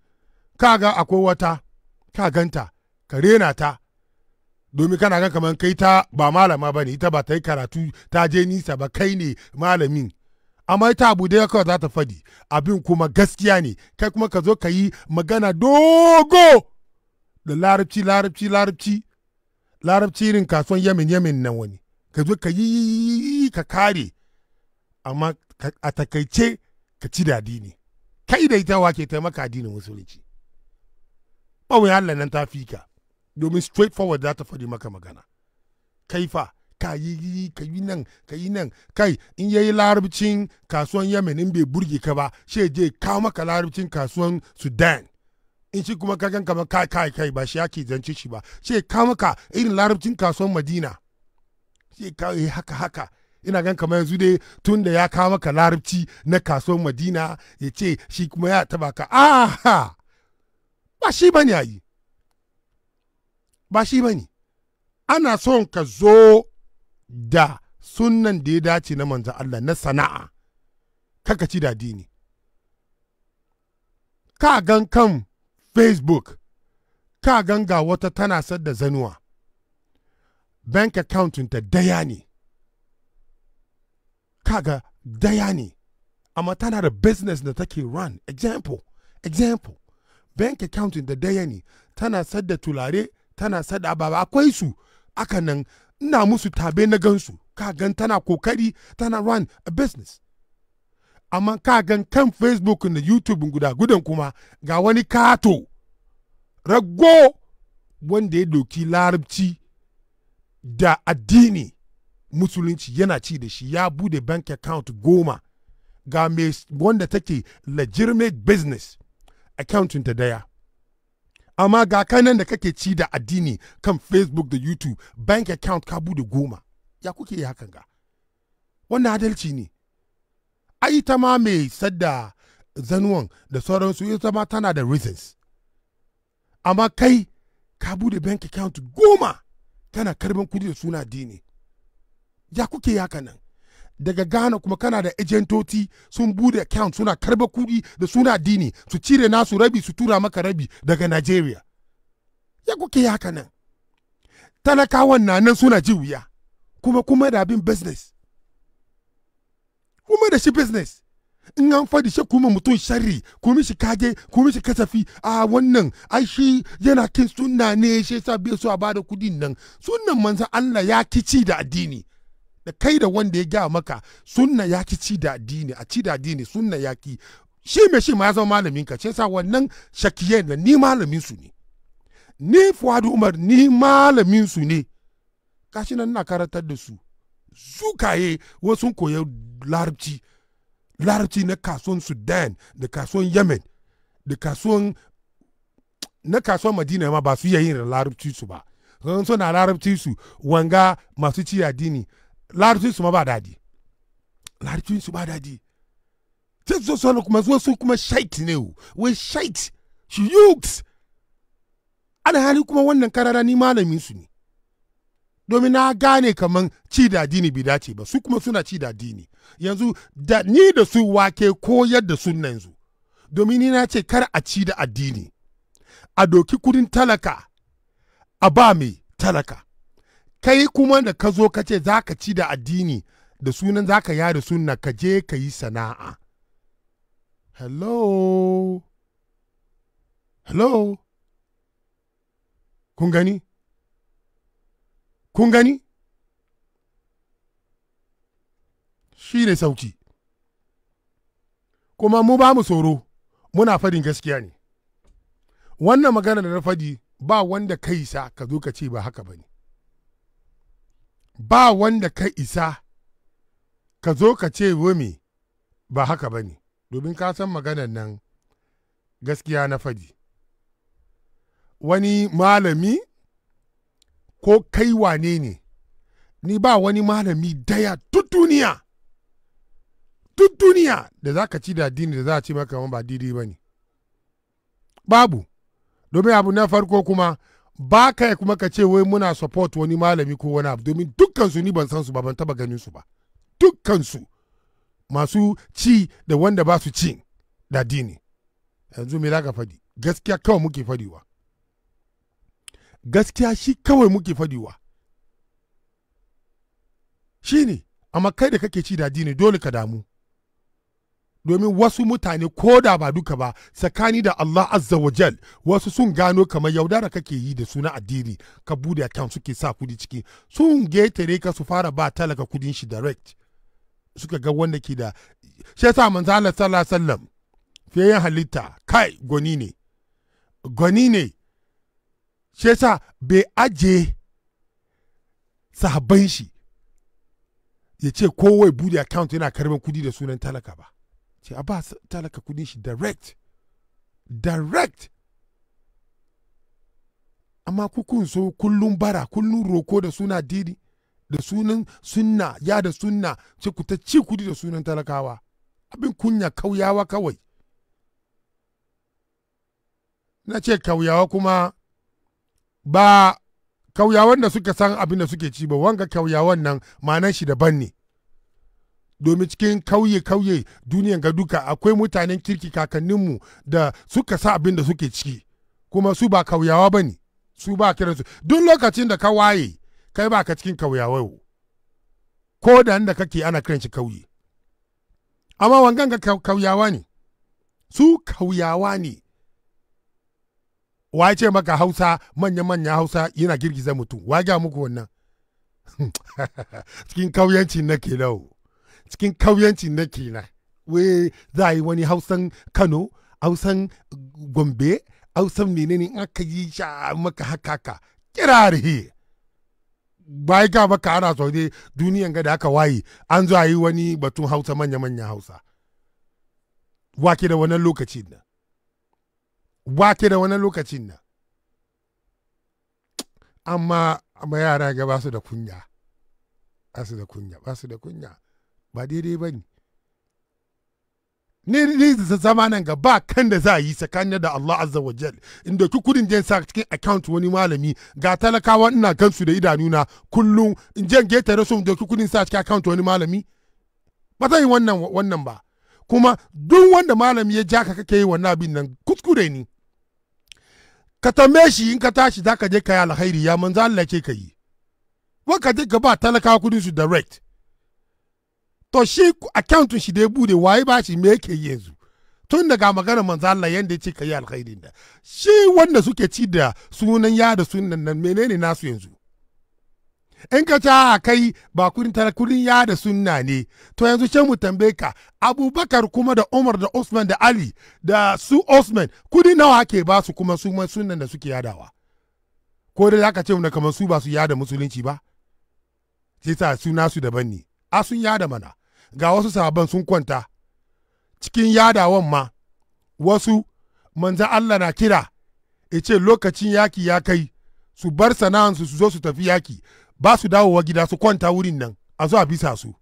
ka ga akwai wata ka ganta ka rena ta domin kana gan kamar kai ta ba malama ba ne ita ba ta yi karatu ta je nisa ba kai ne malamin amma ita abu da kawai za ta fadi abin kuma gaskiya ne kai kuma ka zo ka yi magana dogo da larabci larabci larabci larabci irin kasuwan yamin yamin nan wani ka zo ka yi ka kare amma a takaice ka ci dadi ne kai da ita wake taimaka addinin musulunci bawai Allah nan ta fi ka domin forward za ta fadi maka magana kaifa ka yi ka yi nan ka yi nan kai in yayi larabcin kasuwan yemen in bai burge ka ba she je kawo maka larabcin kasuwan sudan in shi kuma ka gan kamar kai kai kai ba shi yake zance shi ba she kawo maka irin larabcin kasuwan madina she kawo eh, haka haka ina gan kamar yanzu dai tun da ya kawo maka larabci na kasuwan madina ya ce shi kuma ya taba ka aha ba shi bane ayi ba shi bane ana son ka zo da sunan da ya dace na manzan Allah na sana'a ci da dini ka gan kan facebook ka gan ga wata tana sadda zanuwa bank accountinta daya ne kaga daya ne amma tana da business da take run example example bank account da daya ne tana sadda tulare tana sadda ababa akwai su aka nan ina musu tabe na gansu ka gan tana kokari tana run a business amma ka gan kan facebook da youtube guda gudan kuma ga wani kato rago wanda ya doki larabci da addini musulunci yana ci da shi ya bude bank account goma ga mai wanda take legitimate business accountin ta daya amma ga kanan da kake ci da addini kan facebook da youtube bank account ka bude goma ya kuke yi hakan ga wannan adalci ne ai ta ma mai sadda zanuwan da sauransu ita ma tana da reasons amma kai ka bude bank account goma kana karbin kudi da suna addini ya kuke yi hakan nan daga ghana kuma kana da ejentoti sun bude account suna karba kudi da suna dini su cire nasu rabi su tura maka rabi daga nigeria ya kuke haka nan talakawan na nan suna ji wuya kuma kuma da abin business kuma da shi business in an faɗi shi kuma mutum sharri kuma shi kage kuma shi kasafi a wannan ai shi yana kin sunna ne shi sa bai so a bada kudin nan sunnan manzon Allah ya kici da addini da kai da wanda ya gaya maka sunna ya ki ci da addini a ci da addini sunna ya ki shi me shi ma ya zama malamin ka ce sa wannan shakiyen da ni malamin su ne ni fuadu umar ni malamin su ne kashi nan na karatar da su su sukaye wasu koya larabci larabci na kasuwan sudan da kasuwan yemen da kasuwan na kasuwan madina ma ba su iya yin larabci su ba suna larabci su wanga masu ci addini larabcin su ma ba daɗi larabcin su ba daɗi sai kuma wasu kuma shait ne wai shait shi yuks ana hali kuma wannan karara ni malamin su ne domin na gane kaman ci da dini bai dace ba su kuma suna ci da dini yanzu da ni da su wake koyar da sunna yanzu domin ni na ce kar a ci da addini a doki kudin talaka a ba mai talaka kai kuma da ka zo ka ce za ka ci da addini da sunan za ka yada sunna ka je ka yi sana'a hello hello kun gani kun gani shi ne sauki kuma mu ba mu tsoro muna fadin gaskiya ne wannan magana da na fadi ba wanda sa ka zo ka ce ba haka ba ne ba wanda ka isa ka zo ka ce wumi ba haka ba ne domin ka san maganar nan gaskiya na faji wani malami ko kai wane ne ni ba wani malami daya duk duniya duk duniya da za ka ci da dini da za a ci maka ba didi ba ne babu domin abu na farko kuma ba ka kuma ka ce wai muna support wani malami ko wani abu domin su ni ban san su ba ban taba ganin su ba su masu ci da wanda ba su ci da dini yanzu me za ka faɗi gaskiya kawai muke faɗiwa gaskiya shi kawai muke faɗiwa shi amma kai da kake ci da dini dole ka damu domin wasu mutane ko da ba duka ba tsakani da Allah azza wa jal wasu sun gano kamar yaudara kake yi da suna addini ka bude account suke sa kudi ciki sun getare ka su fara ba talaka kudin shi direct suka ga wanda ke da shi yasa manzo Allah sallallahu alaihi wasallam fiyayen halitta kai goni ne goni ne shi yasa bai aje sahabban shi ya ce kowai bude account yana karban kudi da sunan talaka ba sai a ba talaka kudin shi direct direct amma kukun so kullum bara kullum roko da suna didi da sunan sunna ya da sunna ce ku ta ci kudi da sunan talakawa abin kunya kauyawa kawai na ce kauyawa kuma ba kauyawan da suka san abin da suke ci ba wanga kauyawan nan ma'anar shi daban ne domin cikin kauye-kauye duniyan ga duka akwai mutanen kirki kakanninmu da suka sa abin da suke ciki kuma su ba kauyawa ba ne su ba kiransu duk lokacin da ka waye kai ba ka cikin kauyawa ko da da kake ana kiran shi kauye amma wangan ga kauyawa ne su kauyawa ne wa ce maka hausa manya-manya hausa yana girgiza mutum wa gaya muku wannan cikin kauyanci na ke dawo cikin kauyancin na kenan wai za a yi wani hausan kano hausan gombe hausan menene in aka yi sha maka haka ka Ba bai ga maka ana so dai duniyan ga da aka waye an zo a yi wani batun hausa manya-manya hausa wake da wannan lokacin nan wake da wannan lokacin nan amma amma yara ga ba su da kunya ba su da kunya ba su da kunya ba daidai ba ne ne ne zama nan ga ba kan da za a yi tsakanin da Allah azza wa jal inda ku kudin jen sa cikin account wani malami ga talakawa ina gansu da idanuna kullum in jen geta rasu da ku kudin sa cikin account wani malami ba zan yi wannan wannan ba kuma duk wanda malami ya ja ka kake yi wannan abin nan kuskure ne ka tambaye shi in ka tashi za ka je ka yi alkhairi ya manzo Allah ce ka yi wa ka je ka ba talakawa kudin su direct to shi akauntun shi da ya bude waye ba shi me yake yanzu tun daga maganar manzo Allah yanda yace kai alkhairin da shi wanda suke ci da sunan ya da sunan nan menene nasu yanzu in ka ta kai ba kurin kurin ya da sunna ne to yanzu ce mu tambaye ka abubakar kuma da umar da usman da ali da su usman kudi nawa ke ba su kuma su sunan da suke yadawa ko da zaka ce kamar su ba su yada musulunci ba sai suna su nasu daban ne a sun yada mana ga wasu sababan sun kwanta cikin yadawan ma wasu manzan Allah na kira ya ce lokacin yaki ya kai su bar sana'ansu su zo su tafi yaki ba su dawowa gida su kwanta wurin nan a zo a bisa su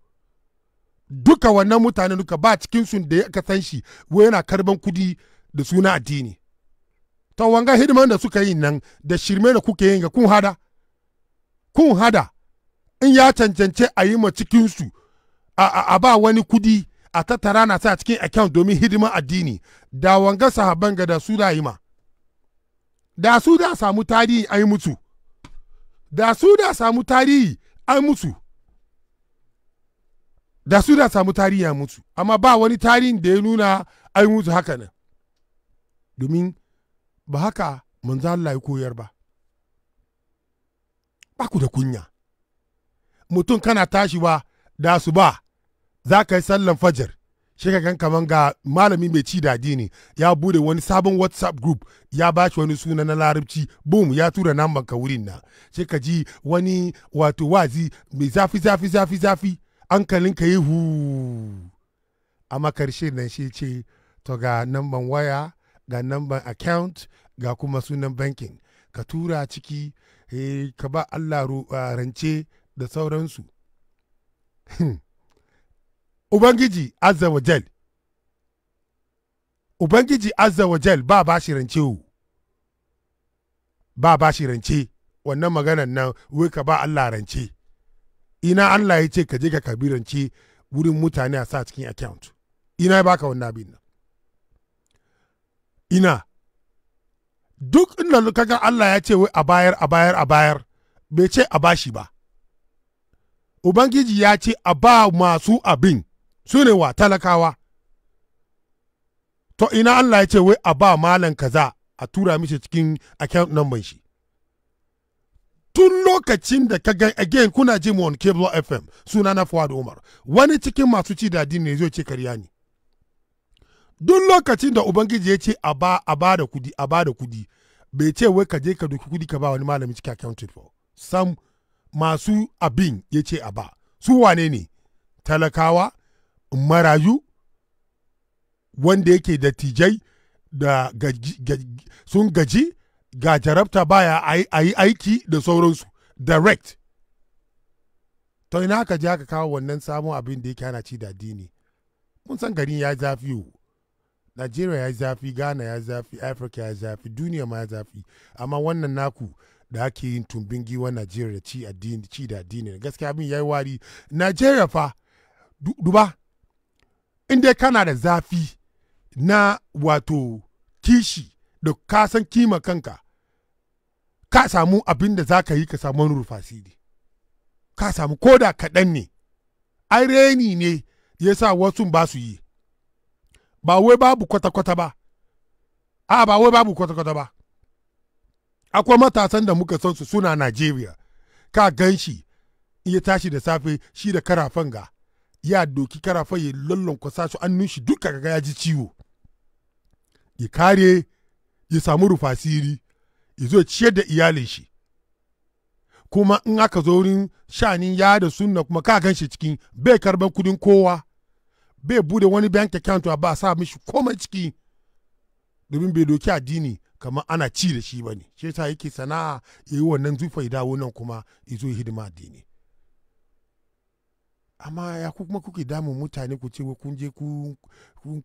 duka wannan mutane duka ba cikinsu da ya san shi wai yana karban kudi da suna addini to wanga hidiman da suka yi nan da shirme da kuke yi ga kun hada kun hada in ya cancance a yi ma cikinsu a ba wani kudi a tattara na sa cikin account domin hidima addini da wanga sahabban ga da su da yi ma da su da samu tarihi ai mutu da su da samu tarihi ai mutu da su da samu tarihi ai mutu amma ba wani tarihin da ya nuna ai mutu haka nan domin ba haka manzo Allah ya koyar ba ba ku da kunya mutum kana tashi ba da su ba za ka yi sallan fajar shi ka kan kaman ga malami mai ci da addini ya bude wani sabon whatsapp group ya ba shi wani suna na larabci boom ya tura namban ka wurin na shi ka ji wani wato wazi mai zafi zafi zafi zafi an kalin ka yi hu A makarshe nan shi ce to ga namban waya ga namban account ga kuma sunan bankin ka tura ciki eh, ka ba allah ah, rance da sauransu hmm. Ubangiji Azza wa Jal Ubangiji Azza wa Jal ba ba shi rance ba ba shi rance wannan maganan nan wai ka ba Allah rance ina Allah ya ce ka je ka karbi rance wurin mutane a sa cikin account ina ya baka wannan abin nan ina duk inda kaga Allah ya ce wai a bayar a bayar a bayar bai ce a bashi ba ubangiji ya ce a ba masu abin su ne wa talakawa to ina Allah ya ce wai a ba malam kaza a tura mishi cikin account number shi tun lokacin da ka gan again kuna jin on cable fm suna na Fuad Umar wani cikin masu ci da ne zai ce karya ne duk lokacin da ubangiji ya ce a ba da kudi a ba da kudi bai ce wai ka je ka duki kudi ka ba wani malami cikin account for sam masu abin ya ce a ba su wane ne talakawa marayu wanda yake da tijai da sun gaji ga jarabta baya a yi aiki da sauransu direct to ina ka ja ka kawo wannan samu abin da yake ana ci da addini mun san garin ya zafi o Najeriya ya zafi Ghana ya zafi Africa ya zafi duniya ma ya zafi amma wannan naku da ake yin tumbin giwa Najeriya ci da addini gaskiya abin yi wari Najeriya fa duba in dai kana da zafi na wato kishi da ka san kima kanka ka samu abin da za ka yi ka samu wani rufa ka samu ko da kaɗan ne ai reni ne ya sa wasu ba su yi ba wai babu kwata-kwata ba a ba wai babu kwata-kwata ba akwai matasan da muka san su suna najeriya ka gan shi ya tashi da safe shi da karafan ga ya doki karafa ya lullun kwasa su an shi duka kaga ya ji ciwo ya kare ya samu rufasiri ya zo ciyar da iyalin shi kuma in aka zo wurin shanin ya da sunna kuma ka gan shi cikin bai karban kudin kowa bai bude wani bank account ba sa mishi komai ciki domin bai doki addini kamar ana ci da shi ba ne shi yasa yake sana'a yayi wannan zufa ya dawo nan kuma ya zo hidima addini amma ya kuma kuke damun mutane ku ce kun je kun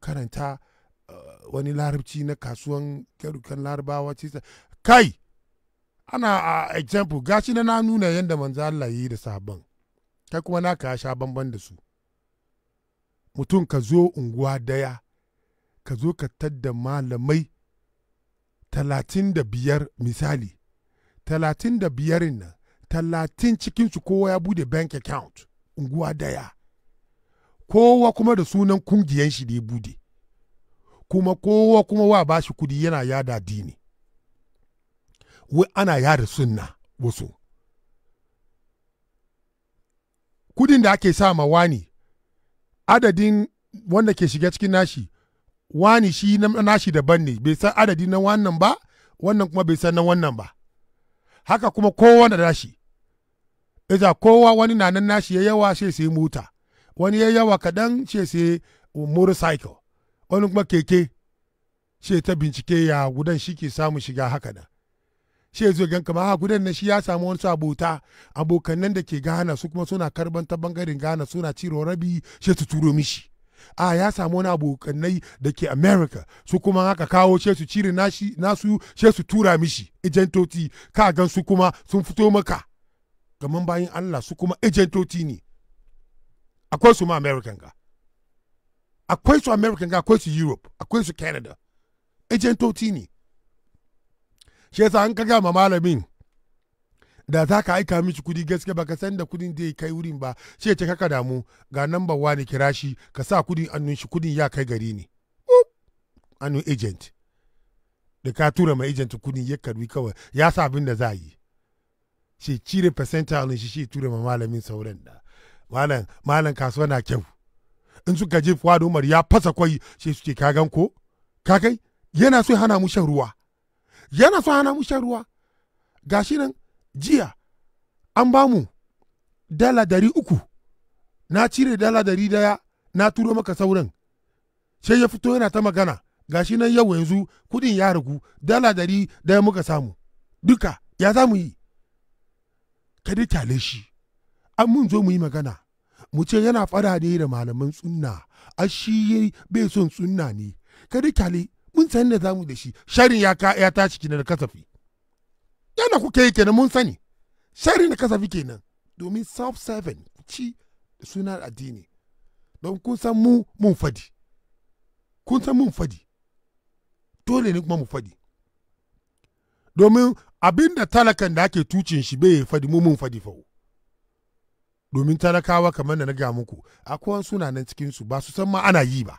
karanta eh, wani larabci na kasuwan karukan larabawa ce kai ana a example gashi na na nuna yadda manzo Allah yi da sabon kai kuma na ka sha bamban da su mutum ka zo unguwa daya ka zo ka tadda malamai talatin da biyar misali talatin da biyarin nan talatin cikinsu kowa ya bude bank account unguwa daya kowa kuma da sunan kungiyan shi ne bude kuma kowa kuma wa ba shi kudi yana yada dini wai ana yada sunna wasu kudin da ake sa ma wani adadin wanda ke shiga cikin nashi wani shi nashi daban ne bai san adadi na wannan ba wannan kuma bai san na wannan ba haka kuma kowa da nashi Iza kowa wani na nan nashi ya yawa shi sai mota, wani ya yawa kaɗan shi sai motorcycle, wani kuma keke shi ta bincike ya gudan shi ke samun shiga haka nan. Shi zai gan kama ha ah, gudan na shi ya samu wani abota abokan nan da ke gana su kuma suna karban ta bangaren gana suna ciro rabi shi su turo mishi. a ah, ya samu wani abokan nai da ke america su kuma haka kawo she su cire nasu she su tura mishi ejentoti ka gan su kuma sun fito maka gaman bayan Allah su kuma ejentoti ne akwai su ma American ga akwai su American ga akwai su Europe akwai su Canada ejentoti ne shi yasa an kaga ma malamin da za ka aika mishi kudi gaske ba ka san da kudin zai kai wurin ba shi ce kaka damu ga namba wani kira shi ka sa kudin annun shi kudin ya kai gari ne annun agent da ka tura ma agent kudin ya karbi kawai ya sa abin da za yi shi cire percentile shi shi tura ma malamin sauran da malam malam kasuwa na kyau in su je fuwa umar ya fasa kwai shi suke kagan ko kakai yana so hana mu shan ruwa yana so hana mu shan ruwa gashi nan jiya an ba mu dala dari uku na cire dala dari daya na turo maka sauran sai ya fito yana ta magana gashi nan yau yanzu kudin ya ragu dala dari daya muka samu duka ya za mu yi ka dai kyale shi an mun zo mu yi magana mu ce yana fara ne da malaman sunna a shi bai son sunna ne ka dai kyale mun san da zamu da shi sharin ya ka ya tashi da kasafi yana kuka yi kenan mun sani sharin da kasafi kenan domin self seven ci suna addini don kun san mu mun fadi kun san mun fadi dole ne kuma mu fadi domin abin da talakan da ake tucin shi bai fadi mumun fadi fau domin talakawa kamar da na ga muku akwai suna nan cikin su ba su san ma ana yi ba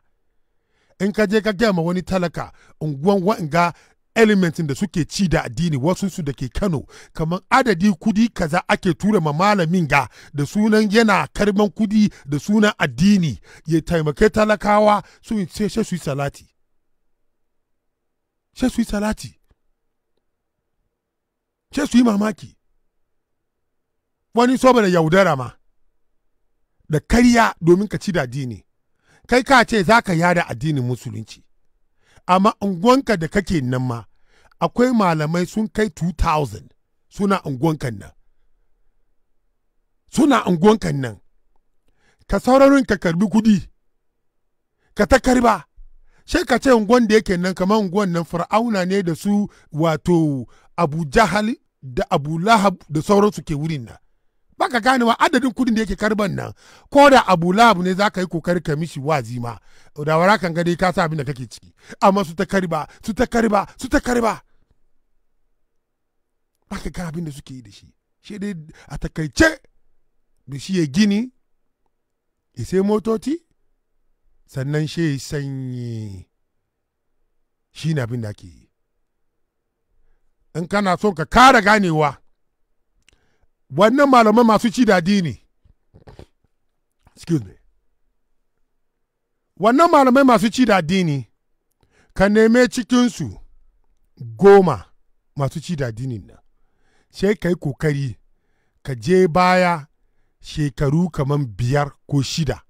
in ka je ka ga ma wani talaka unguwan wa'anga elementin da suke ci da addini wasu su da ke kano kamar adadi kudi kaza ake tura ma malamin ga da sunan yana karban kudi da sunan addini ya taimake talakawa su sai su yi salati sai su yi salati ce su yi mamaki wani soba da yaudara ma da karya domin ka ci da addini kai ka ce za ka yada addinin musulunci amma unguwanka da kake nan ma akwai malamai sun kai 2000 suna unguwankan nan suna unguwankan nan ka sauraron ka karbi kudi ka ta karba ka ce unguwan da yake nan kamar unguwan nan fir'auna ne da su wato abu jahali da abu lahab da sauransu ke wurin nan baka wa adadin kudin da yake karban nan ko da abu lahab ne za ka yi kokari ka mishi wazi ma da wara kan gani ka sa abin da kake ciki amma su ta karba su ta karba su ta karba baka ga abin da suke yi da shi shi dai a takaice da shi ya gini ya sai motoci sannan shi ya sanyi shi na abin da ake yi in kana son ka kara ganewa wannan malamai masu ci dadi ne excuse me wannan malamai masu ci dadi ne ka neme cikinsu goma masu ci dadi ne nan sai ka yi kokari ka je baya shekaru kamar biyar ko shida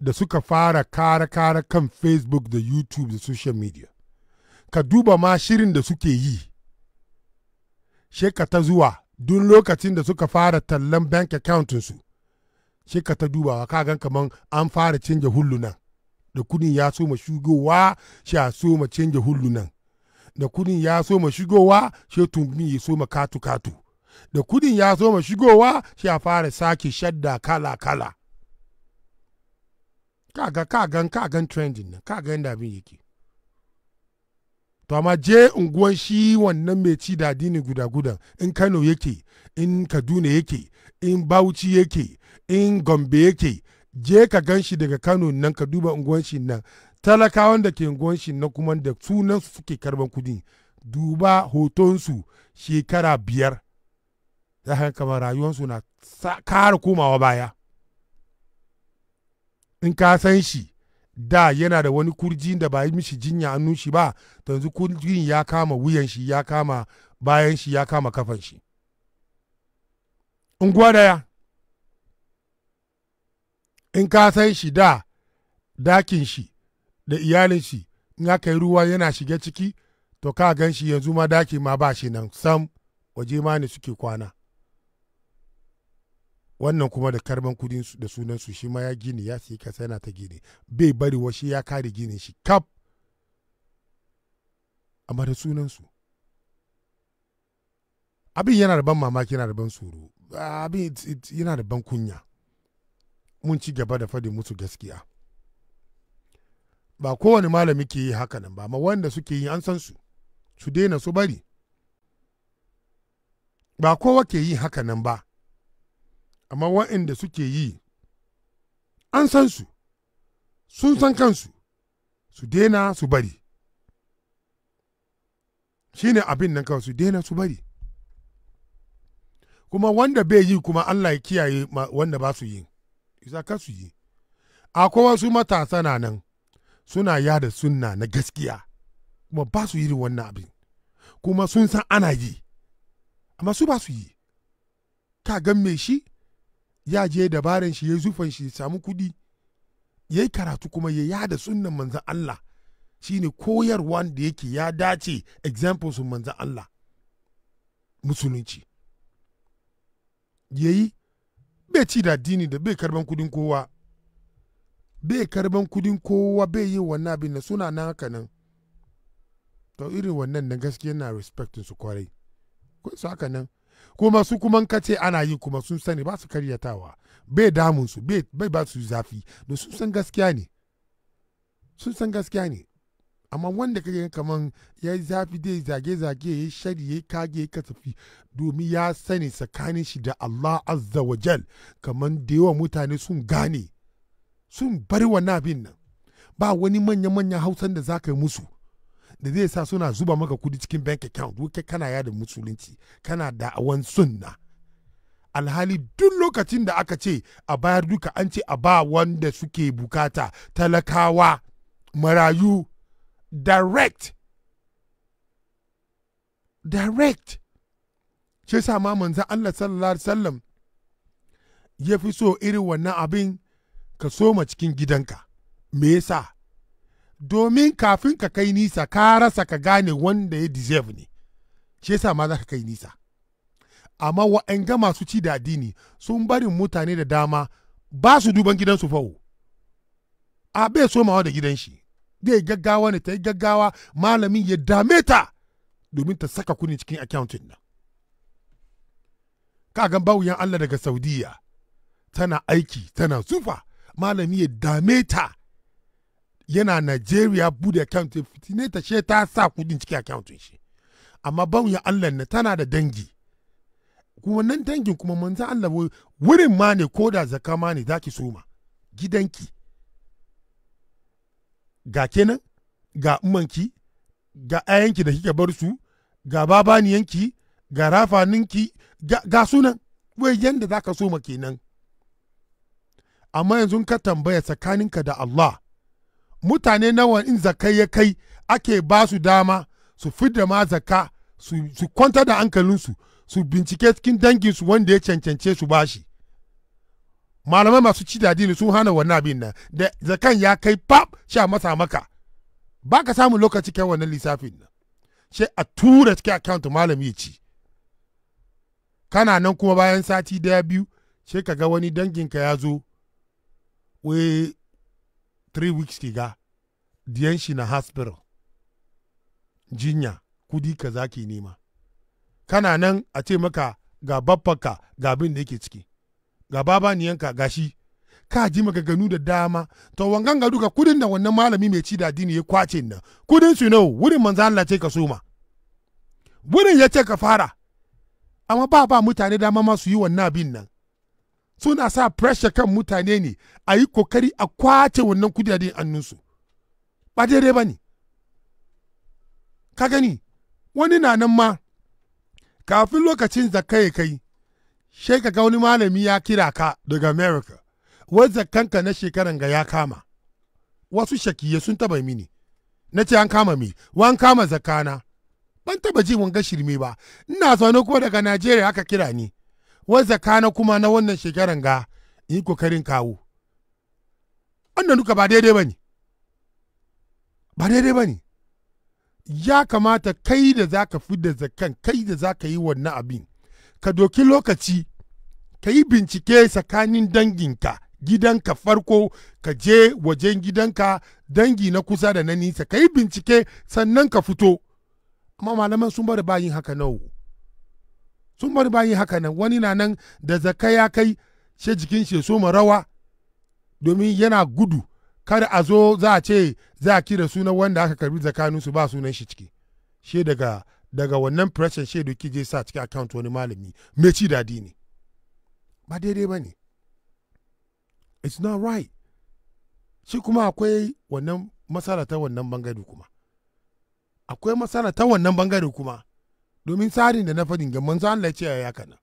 da suka fara kara-kara kan facebook da youtube da social media ka duba ma shirin da suke yi sheka ta zuwa duk lokacin da suka fara tallan bank accountinsu sheka ta dubawa ka gan kaman an fara canja hullunan da kudin ya so ma shigowa sha so ma canja hullunan da kudin ya so ma shigowa shi tungumi ya so ma katu katu da kudin ya so ma shigowa sha fara sake shadda kala kala kaga kagan kagan trending nan kaga yadda abin yake to amma je unguwan shi wannan mai ci da addini guda guda in kano yake in kaduna yake in bauchi yake in gombe yake je ka gan shi daga kano nan ka duba unguwan shi nan talakawan da ke unguwan shi nan kuma da sunan su suke karban kudi duba hotonsu shekara biyar za ka kama rayuwarsu na kara komawa baya in ka san shi da yana da wani kurji da ba yi mishi jinya hannun shi ba to yanzu kurjin ya kama wuyan shi ya kama bayan shi ya kama kafan shi unguwa daya in ka san shi da dakin shi da iyalin shi in aka yi ruwa yana shiga ciki to ka gan shi yanzu ma daki ma ba shi nan sam waje ma ne suke kwana wannan kuma da karban kudin da sunan su shi ma ya gini ya siyi kasa yana ta gini bai bari wa shi ya kare gini shi kaf amma da sunan su abin yana da ban mamaki yana da ban tsoro abin yana da ban kunya mun ci gaba da fadi musu gaskiya ba kowane malami ke yi haka nan ba amma wanda suke yi an san su su daina su bari ba kowa ke yi haka nan ba amma waɗanda suke yi an san su sun san kansu su dena su bari shi ne abin nan kawai su dena su bari kuma wanda bai yi kuma Allah ya kiyaye wanda ba su yi isa ka su yi akwai wasu matasa na nan suna yada sunna na gaskiya kuma ba su yi wannan abin kuma sun san ana yi amma su ba su yi ka gan me shi ya je dabaran shi ya zufan shi ya samu kuɗi ya yi karatu kuma ya yada sunan manzan Allah shi ne koyarwan da yake ya dace examples manzan Allah musulunci ya yi bai ci da addini da bai karban kudin kowa bai karban kudin kowa bai yi wannan abin da suna nan haka nan to irin wannan na gaskiya na respectin su kwarai ko su haka nan kuma su kuma ka ce ana yi kuma sun sani ba su karyatawa bai damun su bai ba su zafi da sun san gaskiya ne sun san gaskiya ne amma wanda kake kaman ya yi zafi dai zage-zage ya yi shari ya kage ya kasafi domin ya sani tsakanin shi da Allah azza wa jal kaman da yawa mutane sun gane sun bar wa nabin nan ba wani manya-manyan hausan da za ka yi musu da zai sa suna zuba maka kudi cikin bank account wuke kana yada musulunci kana da wani sunna alhali duk lokacin da aka ce a bayar duka an ce a ba wanda suke bukata talakawa marayu direct direct shi sa ma manzan Allah sallallahu alaihi wasallam ya fi so irin wannan abin ka soma cikin gidanka me yasa domin kafin ka kai nisa ka rasa ka gane wanda ya deserve ne shi yasa ma za ka kai nisa amma wa'anga masu ci da addini sun barin mutane da dama ba su duban gidansu fawo a bai somawa da gidan shi zai gaggawa ne ta yi gaggawa malamin ya dame ta domin ta saka kuni cikin accountin nan kagan bawuyan Allah daga saudiya tana aiki tana zufa malami ya dame ta yana Najeriya bude account ya fiti ne ta she ta sa kudin ciki account shi amma ban ya Allah na tana da dangi kuma nan dangin kuma san Allah wurin ma ne ko da zaka ma ne zaki soma gidanki ga kenan ga umanki ga ayanki da kika bar su ga babaniyanki ga rafaninki ga sunan wai yanda zaka soma kenan amma yanzu ka tambaya tsakaninka da Allah mutane nawa in zakai ya kai ake ba su dama su fidda ma zaka su, kwanta da hankalinsu su bincike cikin danginsu wanda ya cancance su bashi malamai masu ci da dini sun hana wannan abin nan da zakan ya kai pap sha masa maka ba ka samun lokaci kai wannan lissafin nan sai a tura cikin account malami ya ci kana nan kuma bayan sati daya biyu sai ka ga wani danginka ya zo three weeks kiga diyan shi na hospital jinya kudi ka za ki nema kana nan a ce maka ga babbaka ga abin da yake ciki ga babaniyanka ga shi ka ji maka ganu da dama to wangan ga duka kudin da wannan malami mai ci da addini ya kwace nan kudin su nawa wurin manzo Allah ce ka soma wurin ya ce ka fara amma ba ba mutane dama ma su yi wannan abin nan suna sa pressure kan mutane ne a yi kokari a kwace wannan kudaden annunsu. ba daidai ba ne ka gani wani na nan ma kafin lokacin zakka ya kai sai ka wani malami ya kira ka daga america wai zakkanka na shekaran ga ya kama wasu shakiye sun taba mini na ce an kama mi wan kama zakana ban taba ji wanga shirme ba ina zaune ko daga nigeria haka kira ni wai zakana kuma na wannan shekaran ga in yi kokarin kawo wannan duka ba daidai ba ne ba daidai ba ne ya kamata kai da za ka da zakan kai da za ka yi wannan abin ka doki lokaci ka yi bincike tsakanin danginka gidanka farko ka je wajen gidanka dangi na kusa da na nisa ka yi bincike sannan ka fito amma malaman sun bari bayin haka nau sun bar bayi haka nan wani na nan da zaka ya kai shi jikin shi so rawa domin yana gudu kada a zo za a ce za a kira sunan wanda aka karbi zakanin su ba sunan shi ciki she daga daga wannan pressure she da je sa cikin account wani malami me ci dadi ne ba daidai ba ne it's not right shi kuma akwai wannan masala ta wannan bangare kuma akwai masala ta wannan bangare kuma domin tsarin da na faɗin ga manzo Allah ce ya kana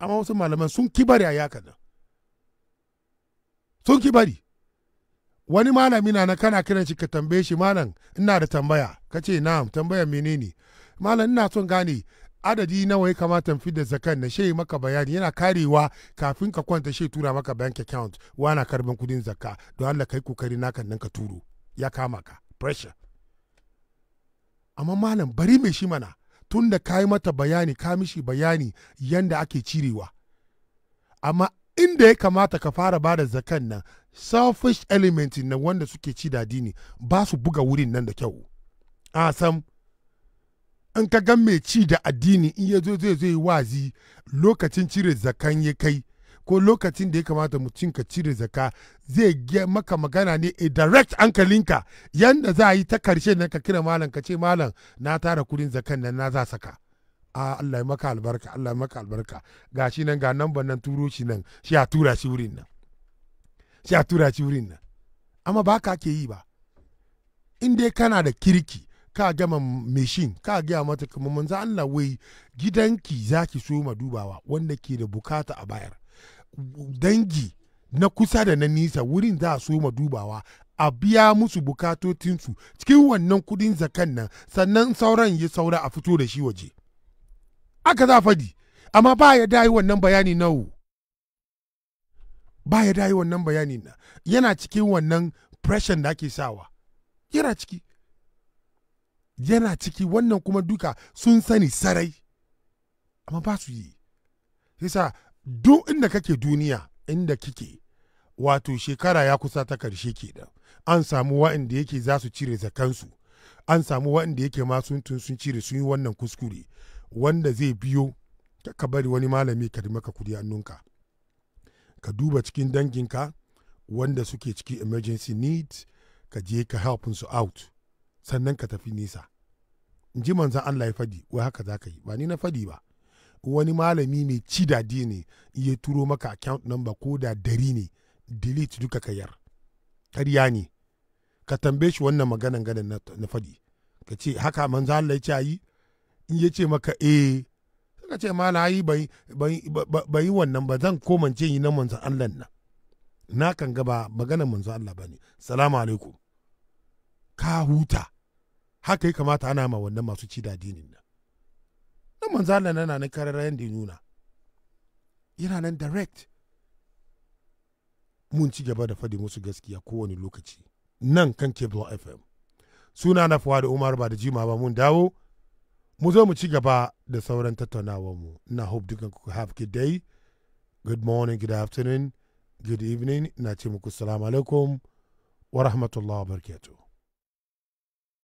amma wasu malaman sun kibari a yaka nan sun kibari wani malami na kana kiran shi ka tambaye shi malam ina da tambaya ka ce na'am tambaya menene malam ina son gane adadi nawa ya kamata fi da zakan na shehi maka bayani yana karewa kafin ka kwanta shehi tura maka bank account wana karban kudin zakka don Allah kai kokari naka nan ka turo ya kama ka pressure amma malam bari mai shi mana tun da ka yi mata bayani ka mishi bayani yanda ake cirewa amma inda ya kamata ka fara ba da zakan nan selfish element na wanda suke ci da dini ba su buga wurin nan da kyau a sam in ka gan mai ci da addini in ya zo zai zai wazi lokacin cire zakan ya kai ko lokacin da ya kamata mutum ka cire zaka zai ge maka magana ne a eh, direct hankalinka yanda za a yi ta karshe na ka kira malam ka ce malam na tara kudin zakan nan na za saka a Allah maka albarka Allah maka albarka ga shi nan ga nan nan turo shi nan shi a tura shi wurin nan shi a tura shi wurin nan amma ba ka ke yi ba in dai kana da kirki ka gama mashin ka gaya mata kuma manzo Allah wai gidanki zaki so ma dubawa wanda ke da bukata a bayar dangi na kusa da na nisa wurin za a so ma dubawa a biya musu bukatotinsu cikin wannan kudin zakan nan sannan sauran ya saura a fito da shi waje aka za fadi amma ba ya dayi wannan bayani nawo ba ya dayi wannan bayani na yana cikin wannan pression da ake sawa yana ciki yana ciki wannan kuma duka sun sani sarai amma ba su yi yasa duk inda kake duniya inda kike wato shekara ya kusa ta karshe kenan an samu wa'inda yake za su cire zakansu an samu wa'inda yake ma sun tun sun cire sun yi wannan kuskure wanda zai biyo ka bari wani malami ka maka kudi hannunka ka duba cikin danginka wanda suke cikin emergency need ka je ka help su out sannan ka tafi nisa in ji manzan Allah ya fadi wai haka za ka yi ba ni na fadi ba wani malami mai ci dadi ne ya turo maka account number ko da dari ne delete duka ka yar ya ne ka tambaye shi wannan maganan ganin na faɗi ka ce haka manzo Allah ya ce ayi in ya ce maka eh ka ce mala ayi bai yi wannan ba zan komance yi na manzo Allah na na kan gaba maganan manzo Allah ne salamu alaikum ka huta haka ya kamata ana ma wannan masu ci ne. dinin manza manzo Allah na nan kararrayan da nuna yana nan direct mun ci gaba da fadi musu gaskiya kowane lokaci nan kan cable fm suna na fawa da umar ba da jima ba mun dawo mu zo mu ci gaba da sauran mu na hope dukan ku have good day good morning good afternoon good evening na ce muku salamu alaikum wa rahmatullahi wa barakatuh